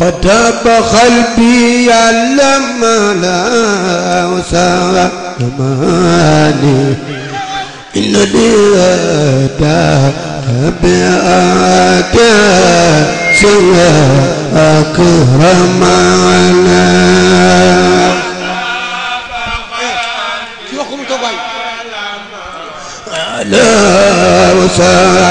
قد بخلبي لما لا وسامني زماني إنني أتى بأك سوى أكرم على لا وسع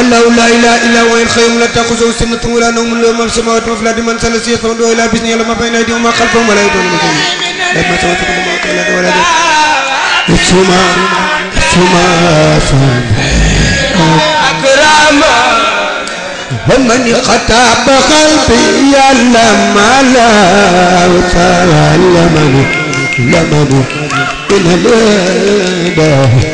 الله لا اله الا هو الخير لا تاخذه سنه ولا نوم ولا ما في السماوات وما في من سلس يثمن الى باذن الله ما بين ايديهم وما خلفهم ولا يدون من دونه لما توتر ما قال ولا ثم ثم اكرم ومن خطاب قلبي يعلم على تعلمني لمني من الهدى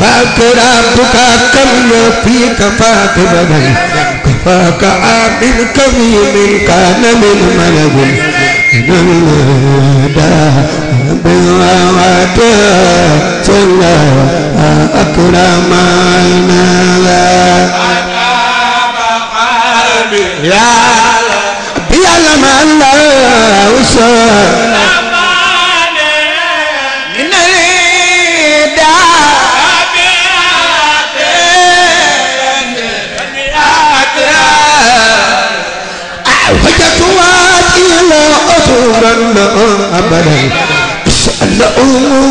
كفاك ربك كم يكفيك فاقبا كفاك عامل كمين كان من ملد إن المهدى بالوعد جل أكرمنا يا يا لما الله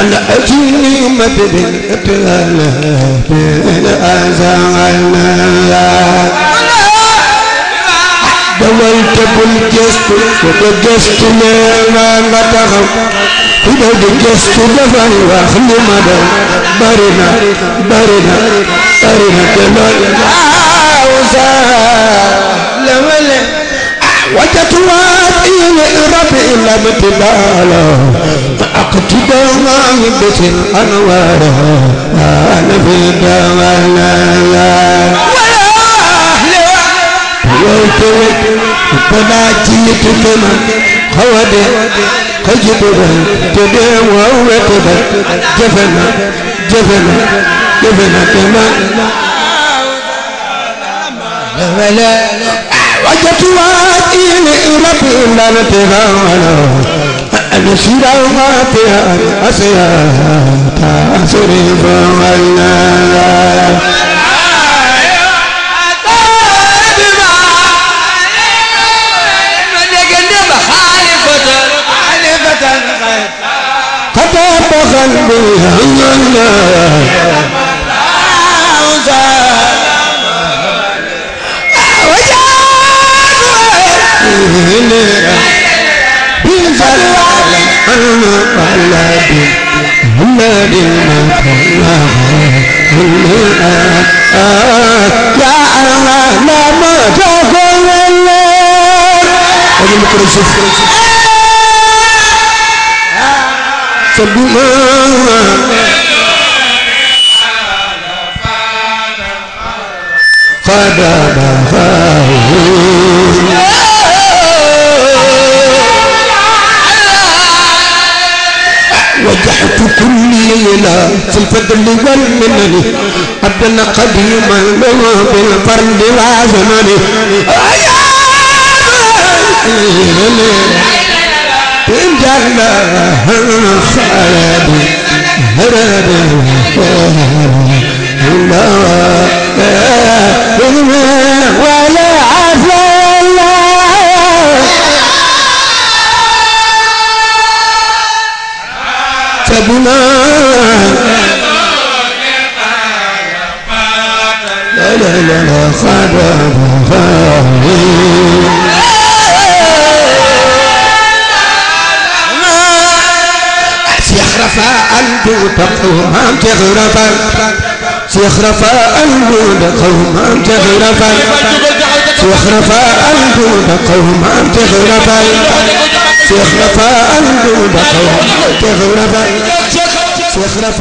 أنا أتيمة بالإقلال بين أزعلنا دولت بالجست وبجست ما متخم إذا بجست دفن وأخل مدى برنا برنا برنا كمان أوسع لولا وجدت للرب إلا امتلالا أقتد ما يبس الأنوار أنا في الدوالا ويتوت بلا جيت كما خواد خجبنا تدعو وتبا جفنا جفنا جفنا كما لا لا وجدوا إلى الانتهاء نسيرا واتها أسيا تأسري فعلنا قد بخل بها محمد محمد محمد يا الله ما تقول الله صلوا قدم كلي لا في الفضل والمنن أدنى قديم المنوى بالفرد وزمن تنجلنا خالد هرد الله قومام تغربا سيخرف الجود قومام تغربا سيخرف الجود قومام تغربا سيخرف الجود قومام تغربا سيخرف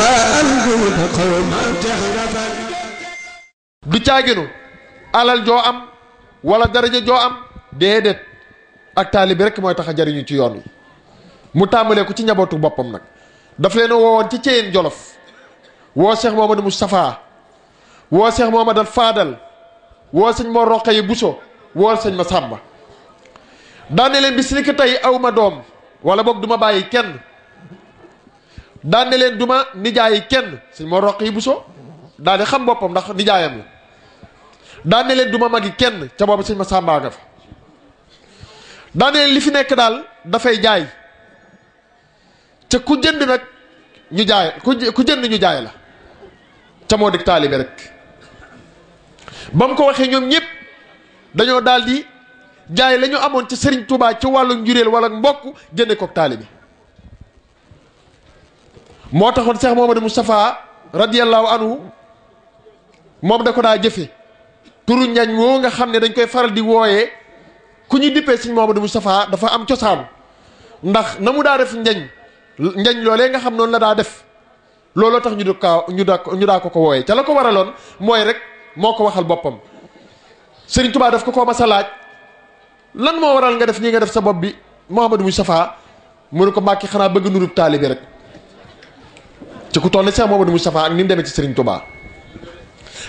caaginu alal joo am wala daraja joo am déedéet ak bi rekk mooy tax a jariñu ci yoon wi mu tàmbalee ko ci njabootu boppam nag daf leen woowoon ci Ceyeen Jolof woo Cheikh Mouhamadou Moustapha woo Cheikh Mouhamadou faadal woo sëñ Mor Roqaye Bousso woo sëñ Massamba daane leen bis ni ki tey aw doom wala boog du ma bàyyi kenn daane leen du ma nijaayi kenn sëñ Mor Roqaye Bousso daane xam boppam ndax nijaayam la daan ne leen du ma magi kenn ca boobu sëñ ma sàmbaa nga fa daan leen li fi nekk daal dafay jaay ca ku jënd nag ñu jaay ku jënd ñu jaay la ca moo dig taalibe rek ba mu ko waxee ñoom ñëpp dañoo daldi jaay lañu amoon ci sëriñ Touba ci wàllu njuréel walla mbokk jënde koog taalibe moo taxoon Cheikh Mouhamadou Moustapha radiyallahu anhu moom da ko daa jëfe turu njañ woo nga xam ne dañ koy faral di wooyee ku ñu dippee sëñ Mouhamadou safaa dafa am cosaan ndax na mu daa def njañ njañ loolee nga xam noonu la daa def looloo tax ñu du kaa ñu daa ñu daa ko ko wooyee ca la ko waraloon mooy rek moo ko waxal boppam Sëriñ tubaa daf ko ko mas a laaj lan moo waral nga def nii nga def sa bopp bi Mouhamadou Moustapha mu ne ko mbàkki xanaa bëgg nurub taalibe rek ci ku toll ne Cheikh Mouhamadou Moustapha ak ni mu demee ci Sëriñ Tuubaa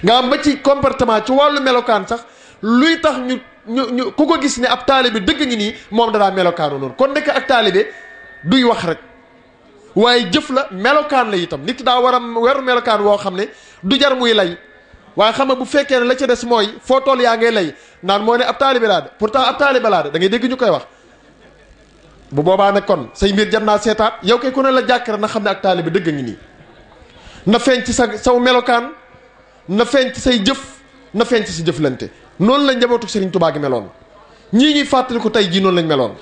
nga am ba ci comportement ci walu melokan sax luy tax ñu ñu ku ko gis ne ab taalibe deug ngi ni mom dara melokan noonu kon nek ak talibé duy wax rek waye jëf la melokan la itam nit da war a melokan wo xamné du jar muy lay waye xam bu fekkee la ci dess moy fo tol ya ngay lay nan mo né ab talibé la pourtant ab talibé la da ngay wax bu boba nag kon say mbir jar naa yow kay ku ne la jakkar na xamné ak talibé deug ngi ni na fenc ci sa saw melokan na feeñ ci say jëf na feeñ ci sa jëflante non la njabootu Serigne Touba gi melone ñi ñi fatali ko tay jii non lañ melone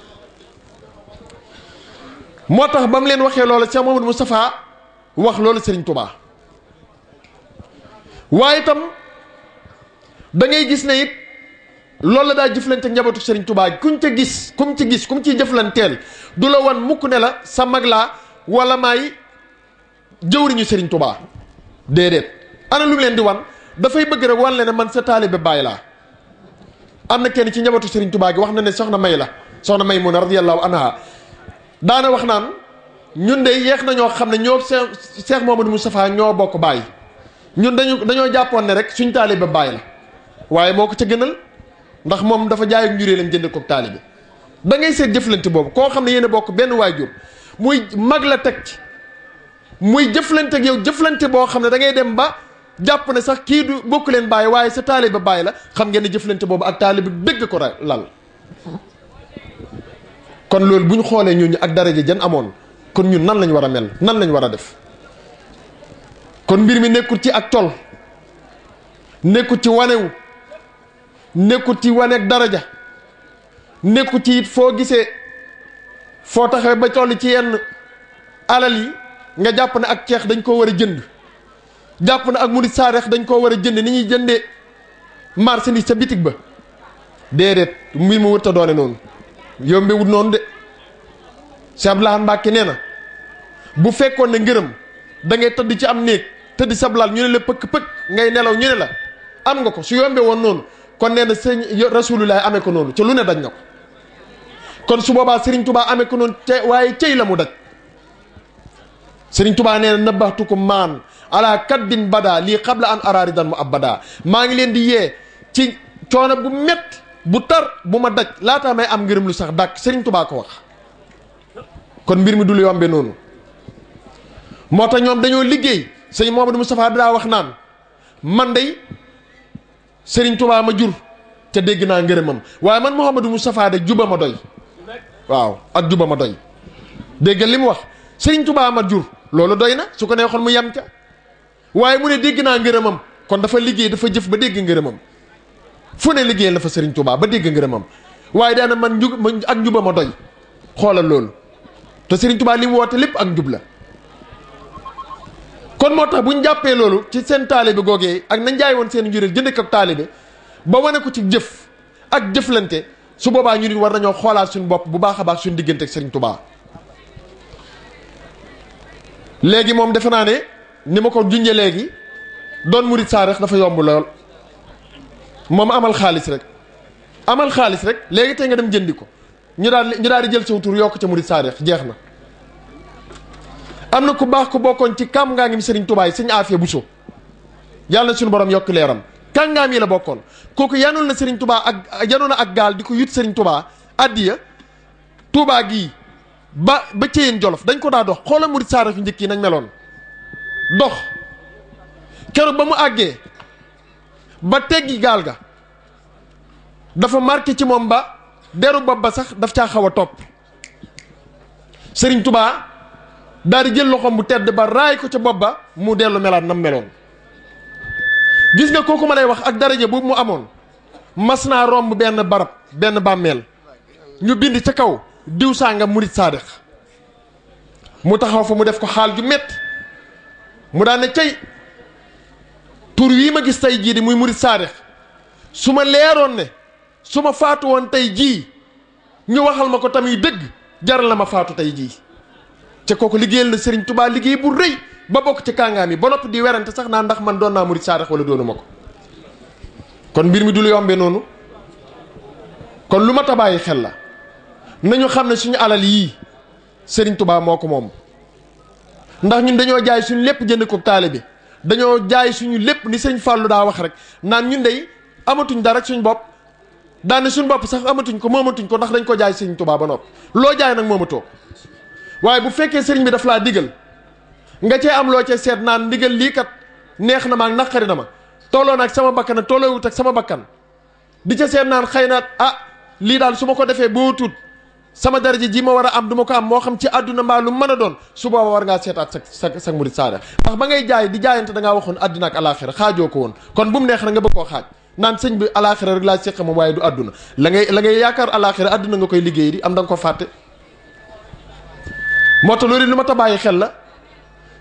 motax bam leen waxee loola Cheikh mohammed mustafa wax loola Serigne Touba waye tam da ngay gis ne it loolu la daa jëflante Serigne Touba kuñ ca gis kum ci gis kum ci jëflanteel du la wan mukk ne la sa magla wala may jëwriñu Serigne Touba dedet ana lu mu leen di wan dafay bëgg rek wan leen ne man sa taalibe baay laa am na kenn ci njabootu Serigne Touba gi wax na ne soxna May la soxna May mun a radiyallahu anha daane wax naan ñun de yeex nañoo xam ne ñoo Seex Seex Mohamadou safaa ñoo bokk baay ñun dañu dañoo jàppoon ne rek suñ taalibe baay la waaye moo ko ca gënal ndax moom dafa jaay ak njurée lam jënd ko taalibe da ngay seet jëflante boobu koo xam ne yéen bokk benn waajur muy mag la teg ci muy jëflante ak jëflante boo xam ne da dem ba jàpp ne sax kii du bokk leen bàyyi waaye sa taaliba bàyyi la xam ngeen ne jëflante boobu ak taaliba dëgg ko lal kon loolu bu ñu xoolee ñooñu ak daraja jan amoon kon ñun nan lañ war a mel nan lañ war a def kon mbir mi nekkul ci ak col nekkul ci wanewu nekkul ci waneeg daraja nekkul ci it foo gisee foo taxawee ba toll ci yenn alal yi nga jàpp ne ak ceex dañ koo war a jënd jàpp na ak mu di saareex dañ koo war a jënd ni ñuy jëndee marchandise ca bitig ba déedéet mbir mu wërta doone noonu yombe wut noonu de Cheikh Abdoulaye Mbacke nee na bu fekkoon ne ngërëm da ngay tëdd ci am néeg tëdd sablaal ñu ne la pëkk pëkk ngay nelaw ñu ne la am nga ko su yombe woon noonu kon nee na sëñ rasulullah amee ko noonu ca lu ne dañ na ko kon su boobaa Serigne Touba amee ko noonu ca waaye cey la mu daj Serigne Touba nee na nabaxtu ko maan ala kaddin bada lii xabla an araaridan mu abada maa ngi leen di yee ci coono bu métti bu tar bu ma daj laataa may am ngërëm lu sax dàkk Sëriñ Tuubaa ko wax kon mbir mi du lu yombe noonu moo tax ñoom dañoo liggéey sëñ Mouhamadou Moustapha daa wax naan man dey Sëriñ Tuubaa ma jur te dégg naa ngërëmam waaye man Mouhamadou Moustapha de juba ma doy waaw ak juba ma doy dégg li wax Sëriñ Tuubaa ma jur loolu doy na su ko neexoon mu yem ca waaye mu ne dégg naa ngërëmam kon dafa liggéey dafa jëf ba dégg ngërëmam fu ne liggéeyal na fa Serigne Touba ba dégg ngërëmam waaye daana man ñu ak njuba ma doy xoolal loolu te Serigne Touba li mu woote lépp ak njub la kon moo tax bu ñu jàppee loolu ci seen taalibe googee ak nañ jaay woon seen njureel jënd ko taalibe ba wane ko ci jëf ak jëflante su boobaa ñu nit war nañoo xoolaat suñu bopp bu baax a baax suñu diggante ak Serigne Touba léegi moom defe naa ne. ni ma ko junjee léegi doon murit saarix dafa yomb lool moom amal xaalis rek amal xaalis rek léegi tey nga dem jëndi ko ñu daal ñu daal di jël saw tur yokk ca murit saarax jeex na am na ku baax ku bokkoon ci kam ngaa ngi ngim sëriñ tubaay sëñ aafiya bu so yàlla na suñu borom yokk leeram kàngaam yi la bokkoon kooku yanul na sëriñ tubaa ak yanul na ak gaal di ko yut sëriñ tubaa addiya tuubaa gi ba ba ceyeen jolof dañ ko daa dox xoola murit saarax yu njëkk nañ meloon dox keroog ba mu aggé ba téggi gal ga dafa marqué ci mom ba déru bopp ba sax daf ca xawa top topp Serigne Touba daari jël loxom bu tedd ba ray ko ci bopp ba mu déllu melat nam melon gis nga koku ma lay wax ak daraja bu mu amone masna romb ben barab ben bammel ñu bind ci kaw diw sàngam mourid saadix mu taxaw fa mu def ko xal ju metti mu daan ne cay tur wii ma gis tey jii di muy murit saadix su ma leeroon ne su ma faatu woon tey jii ñu waxal ma ko tamit dëgg jar la ma faatu tey jii ca kooku liggéeyal na Serigne Touba liggéey bu rëy ba bokk ci kàngaam yi ba nopp di werante sax naa ndax man doon naa wala doonu kon mbir mi dul yombe noonu kon lu ma tabàyyi xel la nañu xam ne suñu alal yii Serigne Touba moo ko ndax ñun dañoo jaay suñu lépp jënd ko taale bi dañoo jaay suñu lépp ni sëñ Fallou daa wax rek naan ñu day amatuñ dara suñu bopp daane suñu bopp sax amatuñ ko moomatuñ ko ndax dañ ko jaay sëñ Tuubaa ba noppi loo jaay nag moomatoo waaye bu fekkee sëriñ bi daf laa diggal nga cee am loo cee seet naan ndigal lii kat neex na ma ak naqari na ma tolloo nag sama bakkan ak tolloowut ak sama bakkan di ca seet naan xëy naat ah lii daal su ma ko defee boo tuut sama daraja ji ma war a am du ma ko am moo xam ci àdduna mbaa lu mën a doon su booba war ngaa seetaat sa sa murit saada ndax ba ngay jaay di jaayante da ngaa waxoon àdduna ak alaaxira xaajoo ko woon kon bu mu neex rek nga bëgg koo xaaj naan sëñ bi alaaxira rek laa seq moom waaye du àdduna la ngay la ngay yaakaar alaaxira àdduna nga koy liggéey di am da nga ko fàtte moo tax loolu lu ma ta bàyyi xel la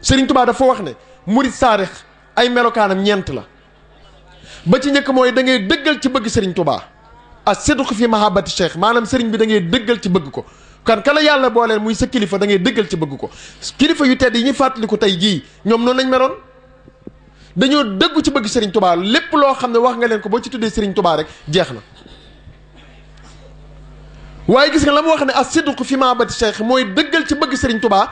Sëriñ Tuubaa dafa wax ne murit saarix ay melokaanam ñeent la ba ci njëkk mooy da ngay dëggal ci bëgg Sëriñ Tuubaa a sidq fi mahabbati cheikh maanaam sëriñ bi da ngay dëggal ci bëgg ko kan kala yàlla booleel muy sa kilifa dangay ngay dëggal ci bëgg ko kilifa yu tedd yi ñuy fàttaliku tey jii ñoom noonu lañ meroon dañoo dëggu ci bëgg sëriñ tubaa lépp loo xam ne wax nga leen ko boo ci tuddee sëriñ tubaa rek jeex na waaye gis nga la mu wax ne as-sidqu fi mahabbati cheikh mooy dëggal ci bëgg sëriñ tubaa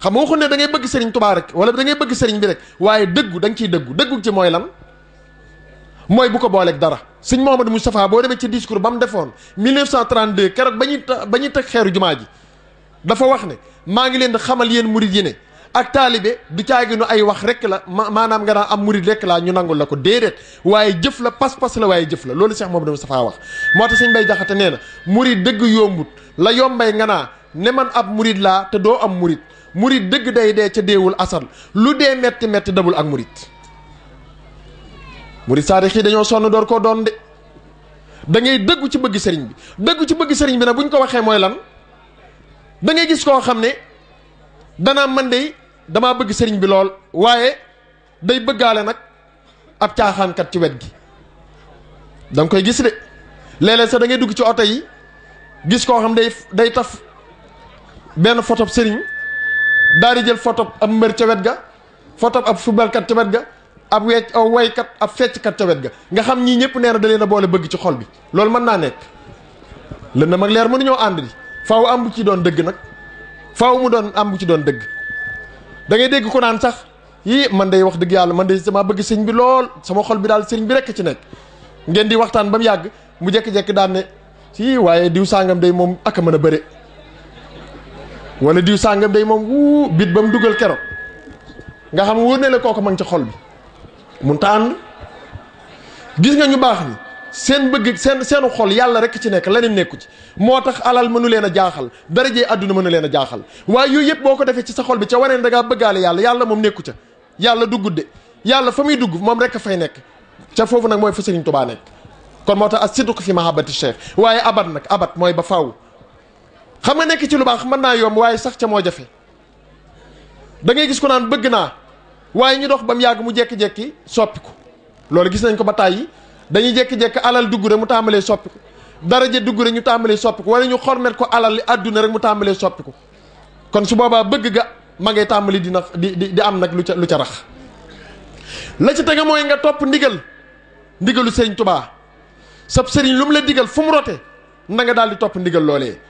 xam nga waxu ne da bëgg sëriñ tubaa rek wala da ngay bëgg sëriñ bi rek waaye dëggu da ciy dëggu dëggu ci mooy lan mooy bu ko booleek dara sëñ Mouhamadou Moustapha boo demee ci discours ba mu defoon 1932 keroog ba ñuy ba ñuy teg xeeru jumaa ji dafa wax ne maa ngi leen di xamal yéen murid yi ne ak taalibe du nu ay wax rek la ma maanaam nga naa am murid rek laa ñu nangul la ko déedéet waaye jëf la pas-pas la waaye jëf la loolu Cheikh Mouhamadou Moustapha wax moo tax sëñ Bay Jaxate nee na murid dëgg yombut la yombay nga naa ne man ab murid laa te doo am murid murid dëgg day dee ca deewul asal lu dee metti metti dabul ak murid murid saadix dañu sonu dor ko don de da ngay deggu ci bëgg sëriñ bi deggu ci bëgg sëriñ bi na buñ ko waxee moy lan da ngay gis ko xam dana man de dama bëgg sëriñ bi lool waaye day bëggalé nak ab kat ci wet gi dang koy gis de lélé sa da ngay dugg ci auto yi gis ko xam day taf ben photo sëriñ daari jël photo ab mbër ci wet ga photo ab kat ci ga ab wecc way kat ab kat ci ga nga xam ñi ñepp neena da leena boole bëgg ci xol bi man na nek le lëndëm ak leer don ñoo andi faaw am bu ci doon dëgg nak faaw mu doon am bu ci doon dëgg da ngay dégg ku naan sax yi man day wax dëgg yalla man day sama bëgg sëñ bi lool sama xol bi dal sëñ bi rek ci nek ngeen di waxtaan bam mu mu jekk-jekk daan ne ci waye diw sangam day mom ak mëna bëré wala diw sangam day mom bit bam duggal dugal nga xam wóor ne la mang ci xol bi munta ànd gis nga ñu baax ni seen bëgg seen seenu xol yàlla rek ci nekk leneen nekku ci moo tax alal mënu leen a jaaxal daraje àdduna mënu leen a jaaxal waaye yooyu yëpp boo ko defee ci sa xol bi ca waneen da ngaa bëggaale yàlla yàlla moom nekku ca yàlla du gudde yàlla fa muy dugg moom rek fay nekk ca foofu nag mooy fa Sëriñ Tuubaa nekk kon moo tax ak siddu fi mahabati cheikh waaye abat nag abat mooy ba faw xam nga nekk ci lu baax mën naa yom waaye sax ca moo jafe da ngay gis ko naan bëgg naa waye ñu dox yag mu jek mu soppi ko soppiku gis nañ ko ba tàyyi dañuy jek jek alal duggu re mu ko dara je duggu re ñu soppi ko wala ñu xormel ko alal li aduna rek mu soppi ko kon su boobaa bëgg ga ma ngay tambali di di di am nak lu ca lu ca rax la ci tege moy nga top ndigal ndigalu sëriñ touba sab sëriñ lu mu la digal fu mu na nga dal di top ndigal lolé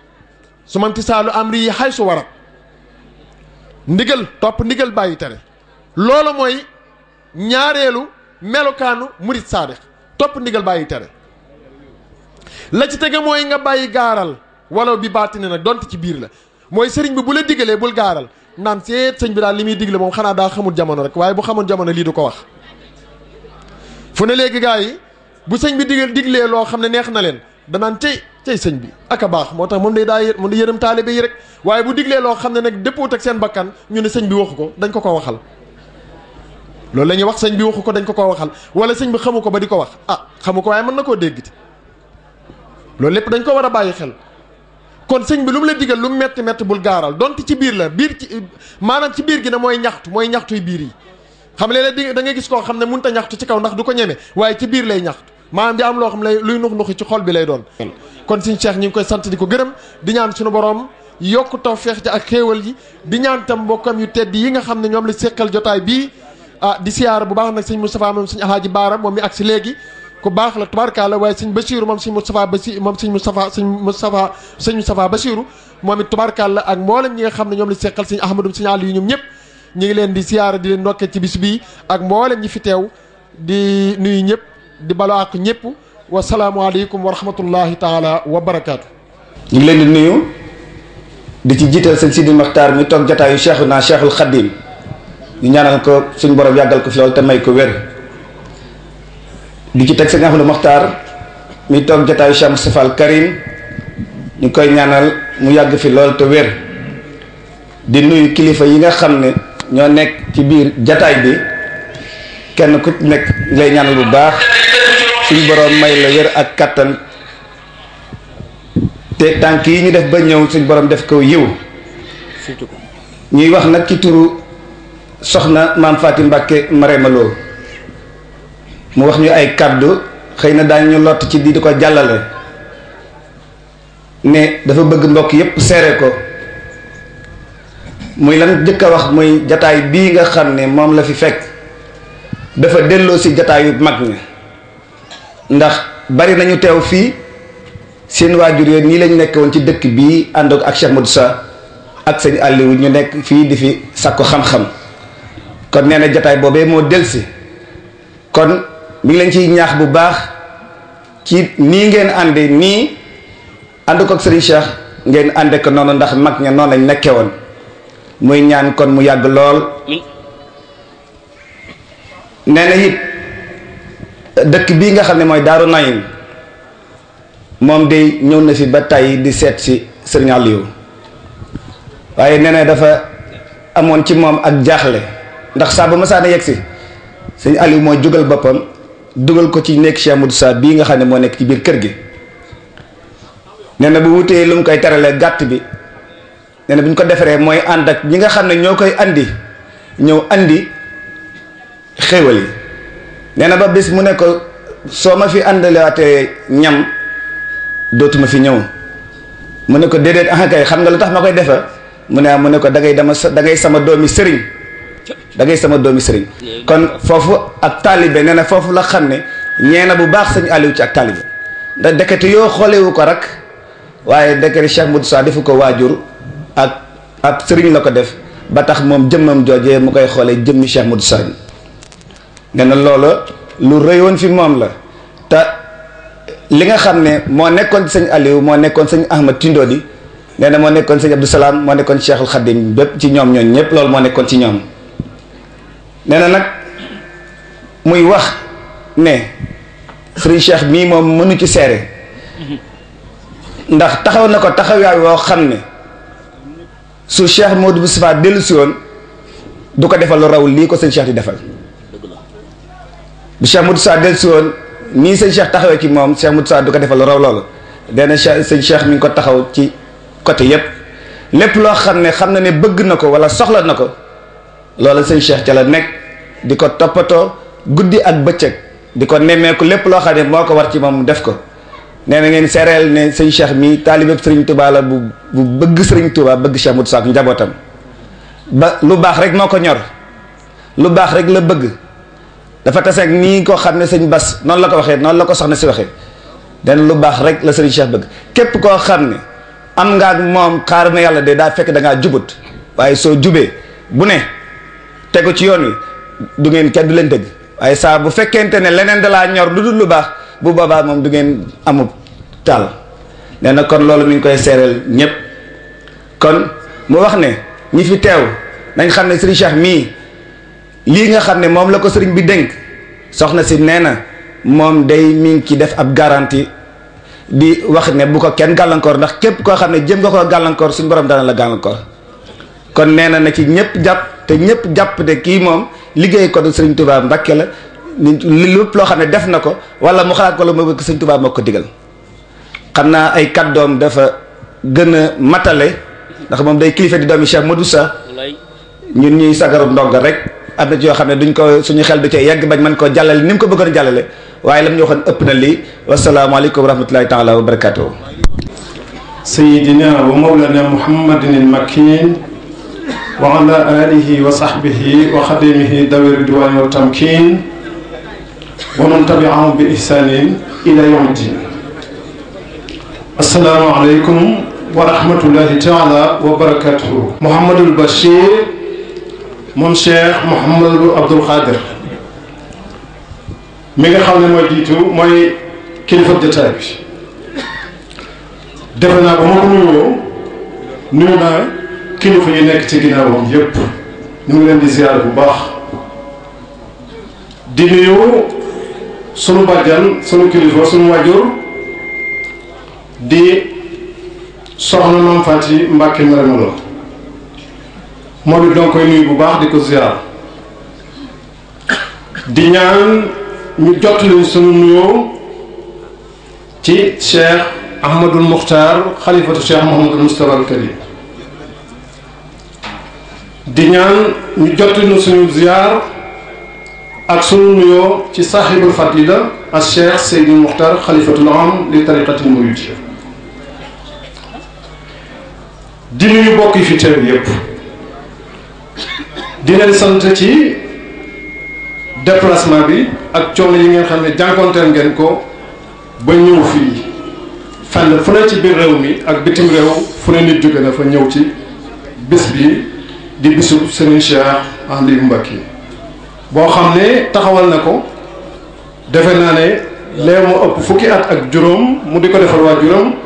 su amri yi su warab ndigal top ndigal tere loolu mooy ñaareelu melukaanu murit saadix topp ndigal bàyyi tere la ci tege mooy nga bàyyi gaaral walaw bi baatine nag dont ci biir la mooy sëriñ bi bu la digalee bul gaaral ndaan seet sëñ bi daal li muy digle moom xanaa daa xamul jamono rek waaye bu xamul jamono lii du ko wax fu ne léegi gaa yi bu sëñ bi digal diglee loo xam ne neex na leen danaan tey tey sëñ bi ak a baax moo tax moom day daa moom da yërëm taalibe yi rek waaye bu diglee loo xam ne nag dëppoot ak seen bakkan ñu ne sëñ bi waxu ko dañ ko ko waxal lo lañu wax señ bi waxuko ko dañ ko ko waxal wala señ bi xamuko ba diko wax ah xamuko ko man nako deggit lo lepp dañ ko wara bayyi xel kon señ bi lum la digal lum metti metti bul garal don ci biir la biir ci manam ci biir gi na moy ñaxtu moy ñaxtu biir yi xam léeg da nga gis ko xamne munta ñaxtu ci kaw ndax duko ko waye ci biir lay ñaxtu manam di am lo xam luy nux ci xol bi lay don kon señ Cheikh ñing koy sant diko ko di ñaan suñu borom yokku tawfiq feex ja ak xewal yi di ñaan tam yu tedd yi nga xamne ñom la jotaay bi ah di siyaara bu baax nag sëñ Moustapha moom sëñ Alaaji Baara moom mi ak si léegi ku baax la tubaarkaala waaye sëñ Basiiru moom sëñ Moustapha Basi moom sëñ Moustapha sëñ Moustapha sëñ Moustapha Basiiru moom it tubaarkaala ak mboolem ñi nga xam ne ñoom la seqal sëñ Ahmadou sëñ Aliou ñoom ñëpp ñu ngi leen di siyaara di leen ndokkee ci bis ak mboolem ñi fi teew di nuyu ñëpp di baloo ak ñëpp wasalaamualeykum wa rahmatullahi taala wa barakaatu. ñu ngi leen di nuyu di ci jiital sëñ Sidi Maxtaar mi toog jotaayu Cheikhuna Cheikhul Xadim ñu ñaanal ko suñu borom yàggal ko fi lool te may ko wér di ci teg sëñ Ahmadou Mokhtar mi toog jotaayu Cheikh Moustapha Karim ñu koy ñaanal mu yàgg fi lool te wér di nuyu kilifa yi nga xam ne ñoo nekk ci biir jataay bi kenn ku nekk lay ñaanal bu baax suñu borom may la wér ak te tànk yi ñu def ba ñëw suñu borom def ko yiw ñuy wax nag ci turu soxna mam Fatim bakke maremalo Lo mu wax ñu ay kàddu xeyna dañ ñu lot ci di diko jallale ne dafa bëgg mbokk yépp séré ko muy lan jëk wax muy jotaay bi nga xam mom la fi fekk dafa ci si yu mag ni ndax bari nañu tew fi seen wajur yo ya ni lañ nekk won ci dëkk bi andok ak Cheikh Modou Sa ak seigne Aliou ñu nekk fi di fi sakku xam-xam kon neena jotaay bobé mo delsi kon mi ngi leen ci ñaax bu baax ci ni ngeen andé ni andu ko ak Serigne Cheikh ngeen andé ko noonu ndax mag nga non lañ ñaan kon mu yag lool neena na dekk bi daro nga xamné moy si batai mom day na ci ba tay di set si Serigne Aliou waye neena dafa amone ci mom ak jaaxle ndax sa ba masaana yegg si Ali Aliou moo jógal dugal ko ci nek Cheikh amadou Sa bi nga xamne mo nek ci bir keur gi nee bu wuté lu koy gatt bi nee buñ ko defaree moy ànd ak nga xamne andi ñew andi xewal yi nee ba bis mu ne ko soo ma fi waté ñam dotuma fi ñew mu ne ko dedet ah kay xam nga lutax tax ma mu ne ah, mu ne ko dagay dama dagay sama domi serigne da ngay sama doomi serigne kon fofu ak talibé néna fofu la xamné ne bu baax serigne Aliou ci ak da ndax yo xolé wu ko rak waye dekete Cheikh Modou Sa def ko wajur ak ab serigne lako def ba tax mom jëmmam jojé mu koy xolé jëmmi Cheikh Modou Sa néna nee na loola lu rëyoon fi mom la ta li nga xamné ne nekkon serigne Aliou mo nekkon serigne ahmed Tindodi néna mo nekkon serigne Abdou Salam mo nekkon Cheikhul Khadim bépp ci ñom ñoon ñëpp loolu mo nekkon ci ñom nee na nag muy wax ne sëriñ Cheikh mii moom mënu ci seere ndax taxaw na ko taxawaay woo xam ne su Cheikh Modou Moustapha dellusi woon du ko defal lu raw lii ko sëñ Cheikh di defal bu Cheikh Modou Moustapha dellusi woon nii sëñ Cheikh taxawee ci moom Cheikh Modou Moustapha du ko defal raw loolu nee na sëñ Cheikh mi ngi ko taxaw ci côté yépp lépp loo xam ne xam na ne bëgg na ko wala soxla na ko loola sëñ Cheikh ca la nekk di ko toppatoo guddi ak bëccëg di ko nemmeeku lépp loo xam ne moo ko war ci moom mu def ko nee na ngeen seereel ne sëñ Cheikh mii taalibeeb sëriñ Touba la bu bu bëgg sëriñ Touba bëgg Cheikh Moudou Sakho njabootam ba lu baax rek moo ko ñor lu baax rek la bëgg dafa taseeg nii ko xam ne sëñ Bas noonu la ko waxee noonu la ko soxna si waxee den lu baax rek la sëriñ Cheikh bëgg képp koo xam ne am nga ak moom xaar na yàlla de daa fekk da ngaa waaye soo jubee bu ne. tegu ci yoon wi du ngeen kenn du leen dëgg waaye saa bu fekkente ne leneen da laa ñor lu dul lu baax bu boobaa moom du ngeen amub taal nee kon loolu mi ngi koy seereel ñépp kon mu wax ne ñi fi teew dañ xam ne sëriñ Cheikh mii lii nga xam ne moom la ko sëriñ bi dénk soxna si nee na moom day mi ngi ci def ab garantie di wax ne bu ko kenn gàllankoor ndax képp koo xam ne jëm nga ko gàllankoor suñu borom dana la gàllankoor kon nee na na ci ñëpp jàpp te ñëpp jàpp ne kii moom liggéey ko du sëriñ Touba Mbàkke la lépp loo xam ne def na ko wala mu xalaat ko la moo ko sëriñ ko digal xam naa ay kàddoom dafa gën a matale ndax moom day kilifa di doomi Cheikh Modou Sa ñun ñuy sagaru ndongo rek am na ci yoo xam ne duñ ko suñu xel du ci yegg bañ man koo jàllale ni mu ko bëggoon a jàllale waaye lam ñu waxoon ëpp na lii wasalaamaaleykum wa rahmatullahi taala wa barakatuhu sayidina wa mawlana muhammadin makin وعلى آله وصحبه وخدمه ذوي الرضوان والتمكين ومن تبعهم بإحسان إلى يوم الدين السلام عليكم ورحمة الله تعالى وبركاته محمد البشير من شيخ محمد عبد القادر. ميغا nga موي ne موي كلفة ديتاي. kilifa jotaay bi نيو naa ba kilifa yi nekk ci ginnaawam yépp ñu ngi leen di ziar bu baax di nuyu sunu bàjjan sunu kilifa suñu wajur di soxna Maam Faty Mbàkke Marème Lo moom it donc koy nuyu bu baax di ko ziar di ñaan ñu jot leen sunu nuyoo ci Cheikh Ahmadul Muxtaar xalifatu Cheikh Mouhamadul Moustapha al di ñaan ñu jottinu suñu ziar ak suñu nuyoo ci saaxibul yi ak cheikh Seydou Muxtar xalifatul am li tariqatil murid di nuyu bokk yi fi teew yépp di leen sant ci déplacement bi ak coono yi ngeen xam ne jànkonteel ngeen ko ba ñëw fii fenn fu ne ci biir réew mi ak bitim réew fu ne nit jóge na fa ñëw ci bés bi di bisub Serigne Cheikh Aliou Mbacké bo xamné taxawal nako defe na ne lee mu ëpp fukki at ak djuroom mu diko defal wa djuroom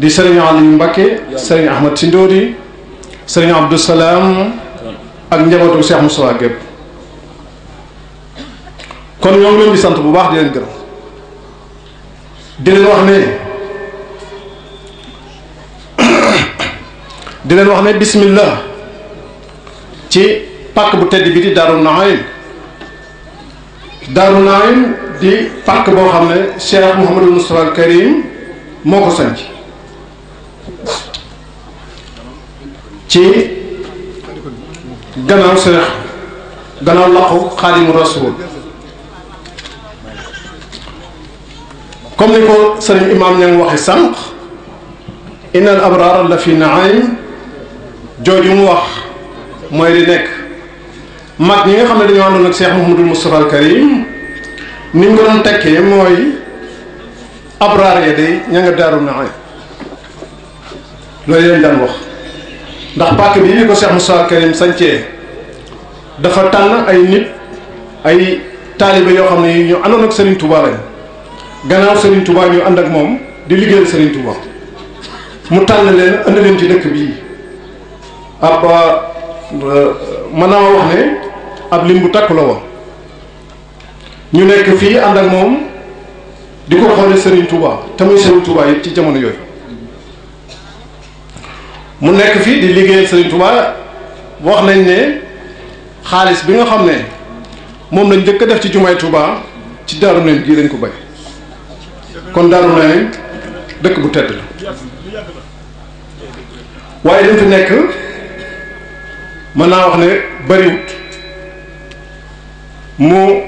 di Serigne ali Mbacké Serigne ahmed Sindori Serigne Abdou Salam ak njabootu Cheikh Moussa gépp kon ñoo ngi di sant bu baax di len gërëm di len wax ne di len wax ne bismillah ci pàkk bu tedd bi di Daaru Naim Daaru Naim di pàkk boo xam ne Cheikh Mouhamadou Moustapha al Karim moo ko sanc ci gannaaw Cheikh gannaaw laqu Xaadimu Rasul comme ni ko sëriñ imaam ña ngi waxee sànq innal la fi naim jooju mu wax mooy di nekk mat ñi nga xam ne dañoo àndoon ak Cheikh Mouhamadul Moustapha al Karim ni mu ko doon tekkee mooy abraar ya day ña nga daaru naa loolu lañ daan wax ndax pàkk bi ñu ko Cheikh Moustapha al Karim sancee dafa tànn ay nit ay taalibe yoo xam ne ñu àndoon ak Serigne Touba lañ gannaaw Serigne Touba ànd ak moom di liggéeyal Serigne Touba mu tànn leen andi leen ci dëkk bii Euh, mën naa wax ne ab lim bu takk la woon ñu nekk fii ànd ak moom di ko xoolee Serigne Touba te muy Serigne yi ci jamono yooyu mu nekk fii di liggéeyal Serigne Touba wax nañ ne xaalis bi nga xam ne moom lañ njëkk def ci jumaay Touba ci Darou Minane gii lañ ko bay kon Darou Minane dëkk bu tedd la waaye dañ fi nekk. mën naa wax ne bariwut mu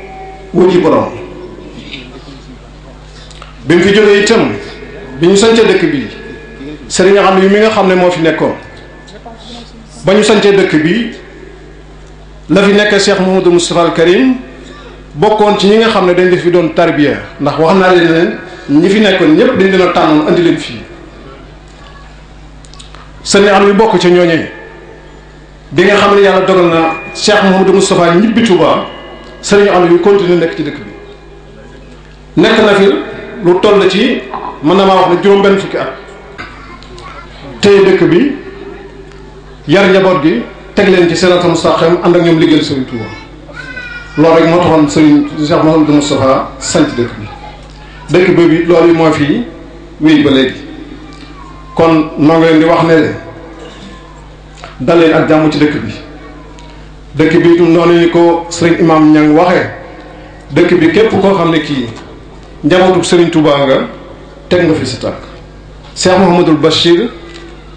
wuti borom bi mu fi jógee itam bi ñu sancee dëkk bi sëriñ nga xam ne mi nga xam ne moo fi nekkoon ba ñu sancee dëkk bi la fi nekk Cheikh Mouhamadou Moustapha al Karim bokkoon ci ñi nga xam ne dañ di fi doon tarbiya ndax wax naa leen ñi fi nekkoon ñëpp dañ leen a tànnoon andi fii sëriñ am yu bokk ca ñooñee bi nga xam yàlla dogal na Cheikh Mouhamadou mustapha ñibbi Touba serigne amadou yu continué nek ci dëkk bi nek na fi lu toll ci mën na ma wax ne juróom-benn fukki at tey dëkk bi yar njaboot gi teg leen ci mustapha xam ànd ak ñoom liggéeyal serigne Touba lool rek moo taxoon serigne Cheikh Mouhamadou mustapha sanc dëkk bi dëkk bi loolu yi moo fi wéy ba léegi kon noo ngi leen di wax ne dalen ak jàmm ci dëkk bi dëkk bi itam noonu ni ko serigne imam ñang waxé dëkk bi képp ko xamné ki kii serigne Touba nga tek nga fi sa tak Cheikh Mouhamadul Bachir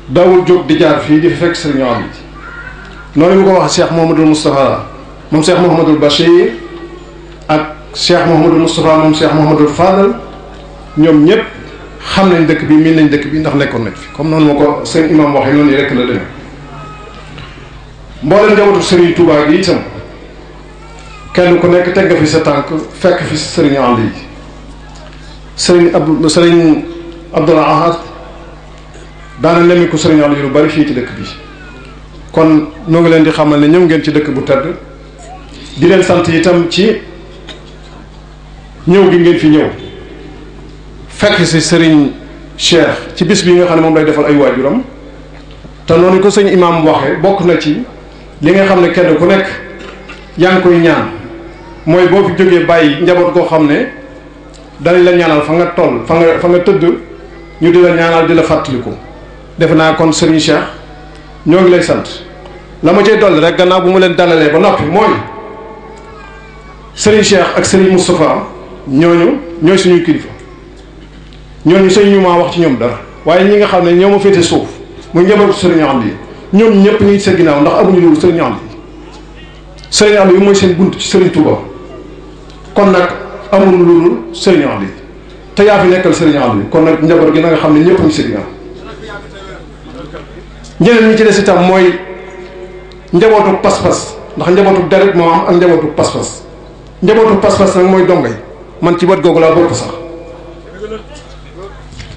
dawul jóg di jaar fi di fek serigne sëriñ am bi mu ko wax Cheikh Mouhamadul mustafa mom Cheikh Mouhamadul Bachir ak Cheikh Mouhamadul mustafa mom Cheikh Mouhamadul Fadal ñom ñep xam nañ dëkk bi min nañ dëkk bi ndax nekkon nañ fi comme non moko ko imam waxe non rek la demee mboolem njabootu Serigne Touba yi itam kenn ku nekk teg nga fi sa tànk fekk fi Serigne Aliou yi Serigne Abdou Serigne Abdoul nemmiku Serigne Aliou yu bari fii ci dëkk bi kon ñoo leen di xamal ne ñëw ngeen ci dëkk bu tedd di leen sant yi itam ci ñëw gi ngeen fi ñëw fekk si sëriñ Cheikh ci bis bi nga xam ne moom lay defal ay waajuram te noonu ko sëñ imam waxe bokk na ci. li nga xam ne kenn ku nekk yaa ngi koy ñaan mooy boo fi jógee bàyyi njaboot goo xam ne danañ la ñaanal fa nga toll fa nga fa nga tëdd ñu di la ñaanal di la fàttaliku. defe naa kon Serigne Cheikh ñoo ngi lay sant la ma cay dolli rek gannaaw bu ma leen dalalee ba noppi mooy Serigne Cheikh ak Serigne Moustapha ñooñu ñoy suñuy kilifa ñooñu sëñ maa wax ci ñoom dara waaye ñi nga xam ne ñoo ma féete suuf muy njabootu Serigne Amdi ñoom ñëpp ñu ngi ndax amuñu loolu sëriñ am sëriñ am bi mooy seen bunt ci sëriñ Touba kon nag amuñu loolu sëriñ am te yaa fi nekkal sëriñ am bi kon nag njaboot gi na xam ne ñëpp ñu seen ginnaaw ñeneen ci des itam mooy njabootu pas-pas ndax njabootu deret moo am ak njabootu pas-pas njabootu pas-pas nag mooy dongo man ci wet googu laa bokk sax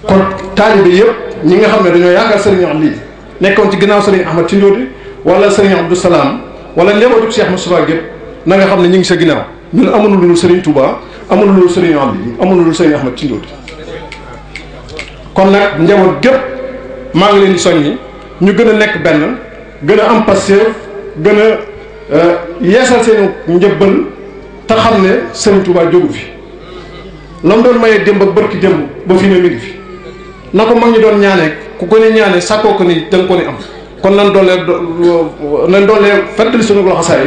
kon taalibe yëpp ñi nga xam ne dañoo yaakaar sëriñ am lii nekkoon ci ginnaaw sëriñ Ahmad ci Ndóodi wala sëriñ Abdou Salaam wala njabootu Cheikh Moustapha gépp na nga xam ne ñu ngi sa ginnaaw ñun amuñu lu dul sëriñ Touba amuñu lu dul sëriñ Abdi amuñu lu dul sëriñ Ahmad ci Ndóodi kon nag njaboot gépp maa ngi leen di soññi ñu gën a nekk benn gën a am passeef gën a euh, yeesal seen njëbbal te xam ne sëriñ Touba jógu fi lam doon mayee démb ak bërki démb ba fi ne mi fi na ko mag ñi doon ñaanee ku ko ne ñaane sàkkoo ko ni da nga ko ne am kon nan doolee nan doolee fàttali suñu laxasaay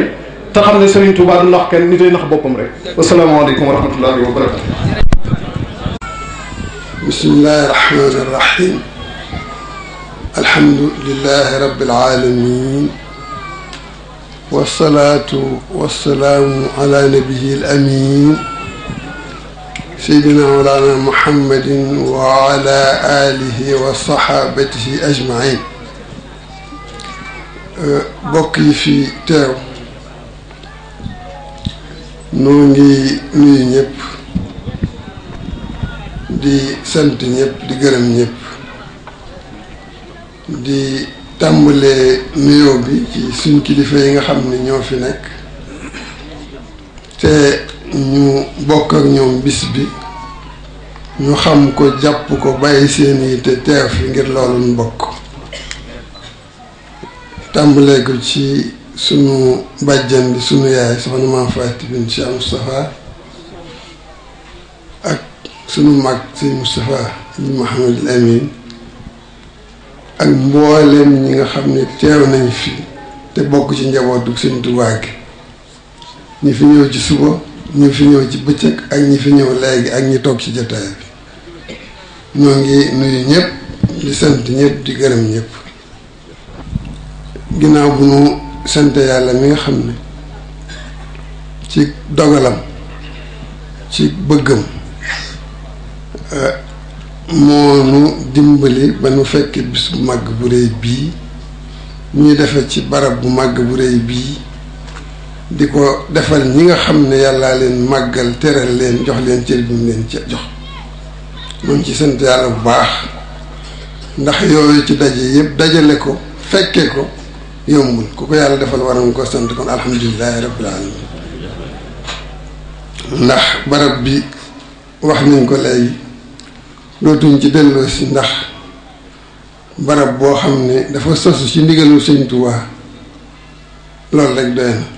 te xam ne Serigne Touba du nax kenn nitay nax boppam rek asalaamaaleykum wa rahmatullahi wa barakatu بسم الله الرحمن الرحيم الحمد لله رب العالمين والصلاة والسلام على نبيه الأمين سيدنا مولانا محمد وعلى آله وصحابته أجمعين أه، بقي في تاو نونجي نوي نيب دي سنت نيب دي غرم نيب دي tambale nuyoo bi ci suñ kilifa yi nga xam ñu bokk ak ñoom bis bi ñu xam ko jàpp ko bàyyi seen yi te teew fi ngir loolu ñu bokk tàmbalee ko ci suñu bàjjan bi sunu yaay soxna Maam Faati bin Cheikh Moustapha ak sunu mag si Moustapha ñi Mouhamadul Amin ak mbooleem ñi nga xam ni teew nañ fi te bokk ci njabootu Sëñ Tuubaa gi ñi fi ñëw ci suba ñu fi ñëw ci bëccëg ak ñu fi ñëw léegi ak ñu toog ci jotaay bi ñoo ngi nuyu ñëpp di seent ñëpp di gërëm ñëpp ginnaaw bu ñu sant yàlla mi nga xam ne ci dogalam ci bëggam eh, moo nu dimbali ba nu fekk bis bu màgg bu rëy bii ñuy defe ci barab bu màgg bu rëy bii di ko defal ñi nga xam ne yàllaa leen màggal tere leen jox leen cër bi mu leen ci jox moom ci sant yàlla bu baax ndax yooyu ci daje yëpp dajale ko fekke ko yombul ku ko yàlla defal war nga ko sant kon alhamdulilahi rabbil alamin ndax barab bi wax nañ ko léegi dootuñ ci delloo si ndax barab boo xam ne dafa sosu ci ndigalu Sëñ Tuubaa loolu rek doy na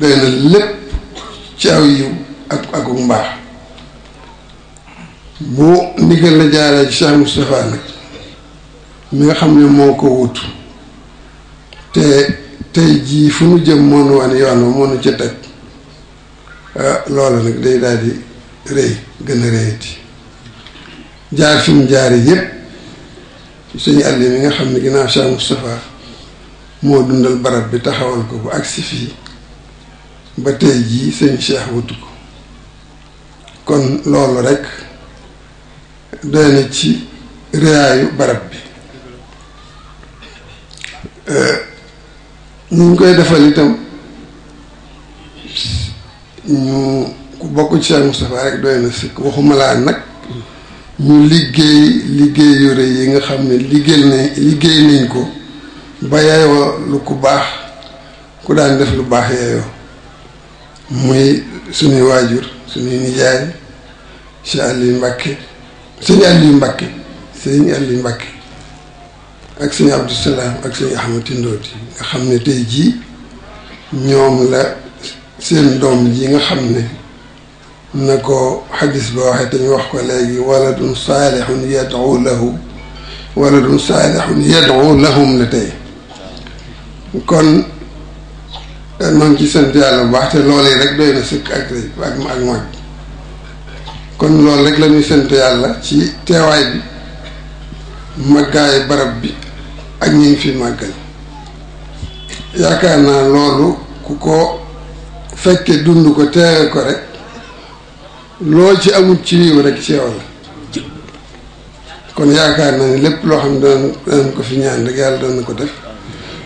doy na lépp ci aw yiw ak ak mbaax bu ndigal la jaaree ci Cheikh nag mi nga xam ne moo ko wut te tey jii fu nu jëm moo nu wan yoon moo nu ca teg ah, loola nag day daal di rëy gën a rëyati jaar fi mu jaare yépp suñu àll mi nga xam ne ginnaaw Cheikh Moustapha moo dundal barab bi taxawal ko bu agsi fii ba tey jii seen Cheikh wutu ko kon loolu rekk doy na ci réyaayu barab bi eh, ñu ngi koy defal itam ñu ku bokk ci Cheikh Moustapha rekk doy na si waxuma nag ñu liggéey liggéey yu rëy yi nga xam ne liggéey nañ liggéey nañ ko ba yaayoo lu ku baax ku daan def lu baax yaayoo muy suñuy waajur suñuy nijaay si Aliou Mbacke sëñ Aliou Mbacke sëñ Aliou Mbacke ak sëñ Abdou Salaam ak sëñ Ahmad Tindooti nga xam ne tey jii ñoom la seen doom ji nga xam ne na ko xadis ba waxee dañu wax ko léegi waladun saalihun yad'u lahu waladun saalihun yad'u lahum la tey kon maa ngi ci sant yàlla bu baax te loolee rek doy na sëkk ak rëy ak ma ak kon loolu rek lañuy ñuy sant yàlla ci teewaay bi màggaayu barab bi ak ñi fi màggal yaakaar naa loolu ku ko fekke dund ko teewe ko rek lool ci amul ci yiw rek ci yow la kon yaakaar naa ne lépp loo xam ne daan ko fi ñaan rek yàlla doon na ko def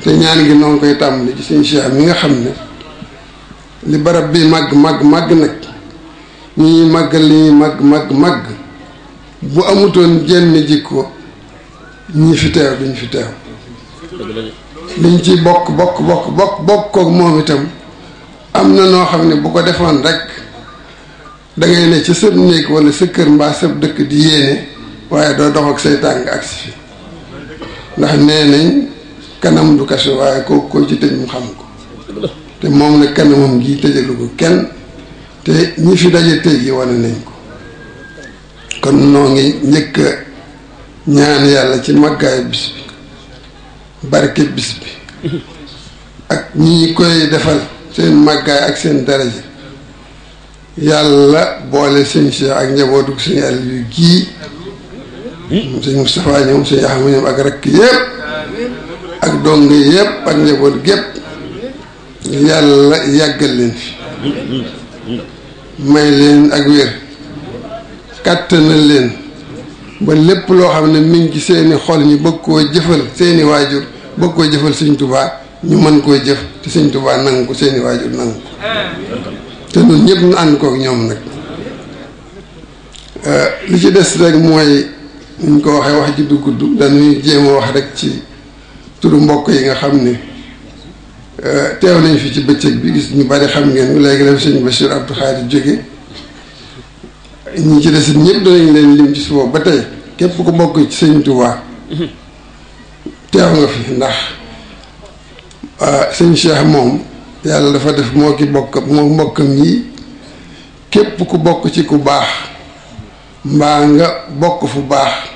te ñaan gi noonu koy tàmbali ci sëñ Cheikh mi nga xam ne li barab bi màgg màgg màgg nag ñi màggal li ñuy màgg màgg màgg bu amutoon jenn jikko ñi fi teew duñ fi teew liñ ci bokk bokk bokk bokk kook moom itam am na noo xam ne bu ko defoon rek dangay ne ci sëb néeg wala sa kër mbaa sëb dëkk di yéene waaye doo dox ak say tàng agsi fi ndax nee nañ kanam du kase waaye koo koo ci tëj mu xam ko te moom na kanamam gi tëjalu ko kenn te ñi fi daje tëj yi wane nañ ko kon noo ngi njëkk ñaan yàlla ci màggaayu bis bi barke bis bi ak ñi ñi koy defal seen màggaay ak seen daraja yàlla boole sëñ Cheikh ak njabootu sëñ Aliou gii hmm? sëñ Moustapha ñoom sëñ ak rakk yépp ak dong yëpp ak njaboot gépp yàlla yàggal leen fi may leen ak wér kàttanal leen ba lépp loo xam ne mi ngi ci seeni xol ñu bokk koo jëfal seeni waajur bëgg koo jëfal sëñ tubaa ñu mën koo jëf ci sëñ tubaa nangu ko seeni waajur nangu ko te ñun ñëpp ñu ànd kook ñoom nag euh, li ci des rek mooy ñu ko waxee wax ji du gudd dañuy jéem a wax rekk ci turu mbokk yi nga xam ne euh, teew nañ fi ci bëccëg bi gis ñu bari xam ngeen léegi la fi sëñ Bachir Abdou jóge ñi ci des ñëpp danañ leen lim ci suba ba tey képp ku bokk ci sëñ Touba teew nga fi ndax euh, sëñ Cheikh moom yàlla dafa def moo ki bokk moo mbokkam yi képp ku bokk ci ku baax mbaa nga bokk fu baax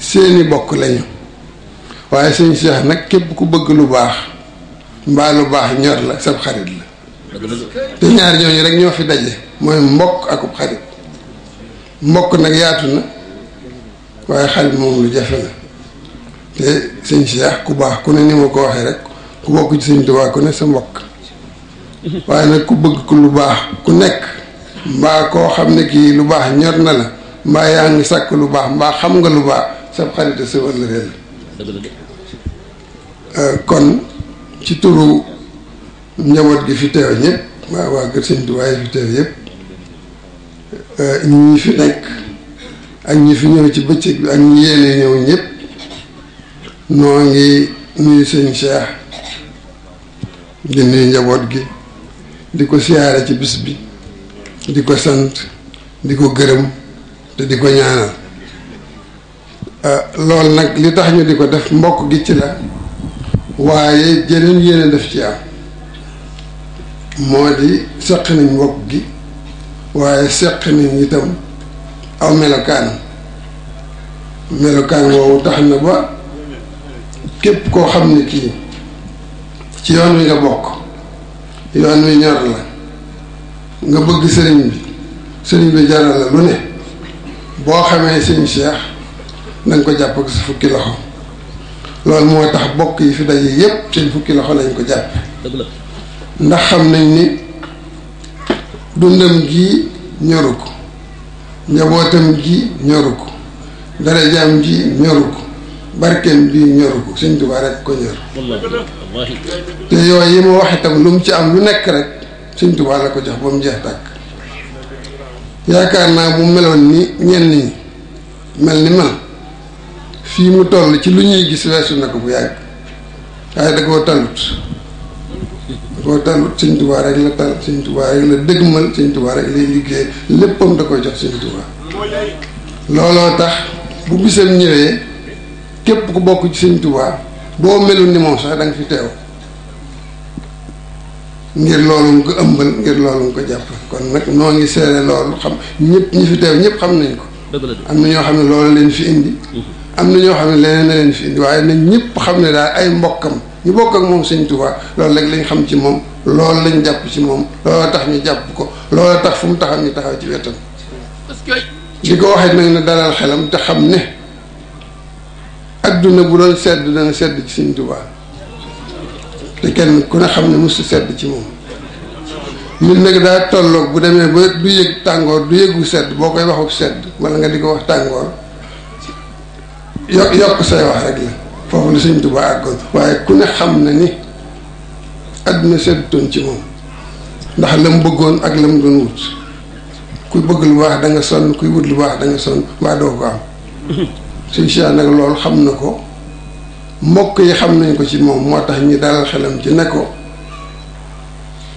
seeni bokk lañu waaye sëñ Cheikh nag képp ku bëgg lu baax mbaa lu baax ñor la sab xarit la te ñaar ñooñu rek ñoo fi daje mooy mbokk akub xarit mbokk nag yaatu na waaye xarit moom lu jafe la te sëñ Cheikh ku baax ku ne ni ma ko waxee rek ku bokk ci sëñ Tuubaa ku ne sa mbokk waaye nag ku bëgg ku lu baax ku nekk mbaa koo xam ne kii lu baax ñor na la mbaa yaa ngi sàkk lu baax mbaa xam nga lu baax sab xarit a sëwal la Euh, kon ci turu njaboot gi fi teew ñëpp waa waa Kër Sëñ Tuubaa yi fi teew yëpp euh, ñi fi nekk ak ñi fi ñëw ci bëccëg bi ak ñi yéene ñëw ñëpp noo ngi nuyu seen Cheikh di nuyu njaboot gi di ko siyaare ci bis bi di ko sant di ko gërëm te di ko ñaanal euh, loolu nag li tax ñu di ko def mbokk gi ci la waaye jeneen yeneen def ci am moo di seq nañ wopp gi waaye seq nañ itam aw melokaan melokaan woowu tax na ba képp koo xam ne kii ci yoon wi nga bokk yoon wi ñor la nga bëgg sëriñ bi sëriñ bi jaral la lu ne boo xamee sëriñ Cheikh na nga ko jàpp ak sa fukki loxo loolu moo tax bokk yi fi daje yépp seen fukki loxo lañ ko jàpp ndax xam nañ ni dundam gi ñoru ko njabootam gi ñoru ko darajaam gi ñoru ko barkeem bi ñoru ko Sëñ Tuubaa rek ko ñor te yooyu yi ma wax itam lu mu ci am lu nekk rek Sëñ Tuubaa la ko jox ba mu jeex tàkk yaakaar naa bu meloon ni ñenn ñi mel ni man fii mu toll ci lu ñuy gis weesu na ko bu yàgg waaye da koo talut da koo talut sëñ tubaa rek la tal sëñ tubaa rek la dëgmal sëñ tubaa rek lay liggéey léppam da koy jox sëñ tubaa looloo tax bu bisam ñëwee képp ku bokk ci sëñ tubaa boo melul ni moom sax da fi teew ngir loolu nga ko ëmbal ngir loolu nga ko jàpp kon nag noo ngi seere loolu xam ñëpp ñi fi teew ñëpp xam nañ ko am na ñoo xam ne loolu leen fi indi mm-hmm. am na ñoo xam ne leneen na leen fi waaye nañ ñëpp xam ne daal ay mbokkam ñu bokk ak moom sëñ Tuubaa loolu rek lañ xam ci moom loolu lañ jàpp ci moom loolu tax ñu jàpp ko loolu tax fu mu taxaw ñu taxaw ci wetam li ko waxee nag na dalal xelam te xam ne adduna bu doon sedd dana sedd ci sëñ te kenn ku ne xam ne musu sedd ci moom nit nag daa tolloog bu demee ba du yëg tàngoor du yëgu sedd boo koy waxu sedd wala nga di ko wax tàngoor yo yokk say wax rek la foofu ne sëñ Tuubaa àggoon waaye ku ne xam na ni àdduna seddutoon ci moom ndax la mu bëggoon ak la mu doon wut kuy bëgg lu baax da sonn kuy wut lu baax da nga sonn waa doo ko am sëñ Cheikh nag loolu xam na ko mbokk yi xam nañ ko ci moom moo tax ñu dalal xelam ci ne ko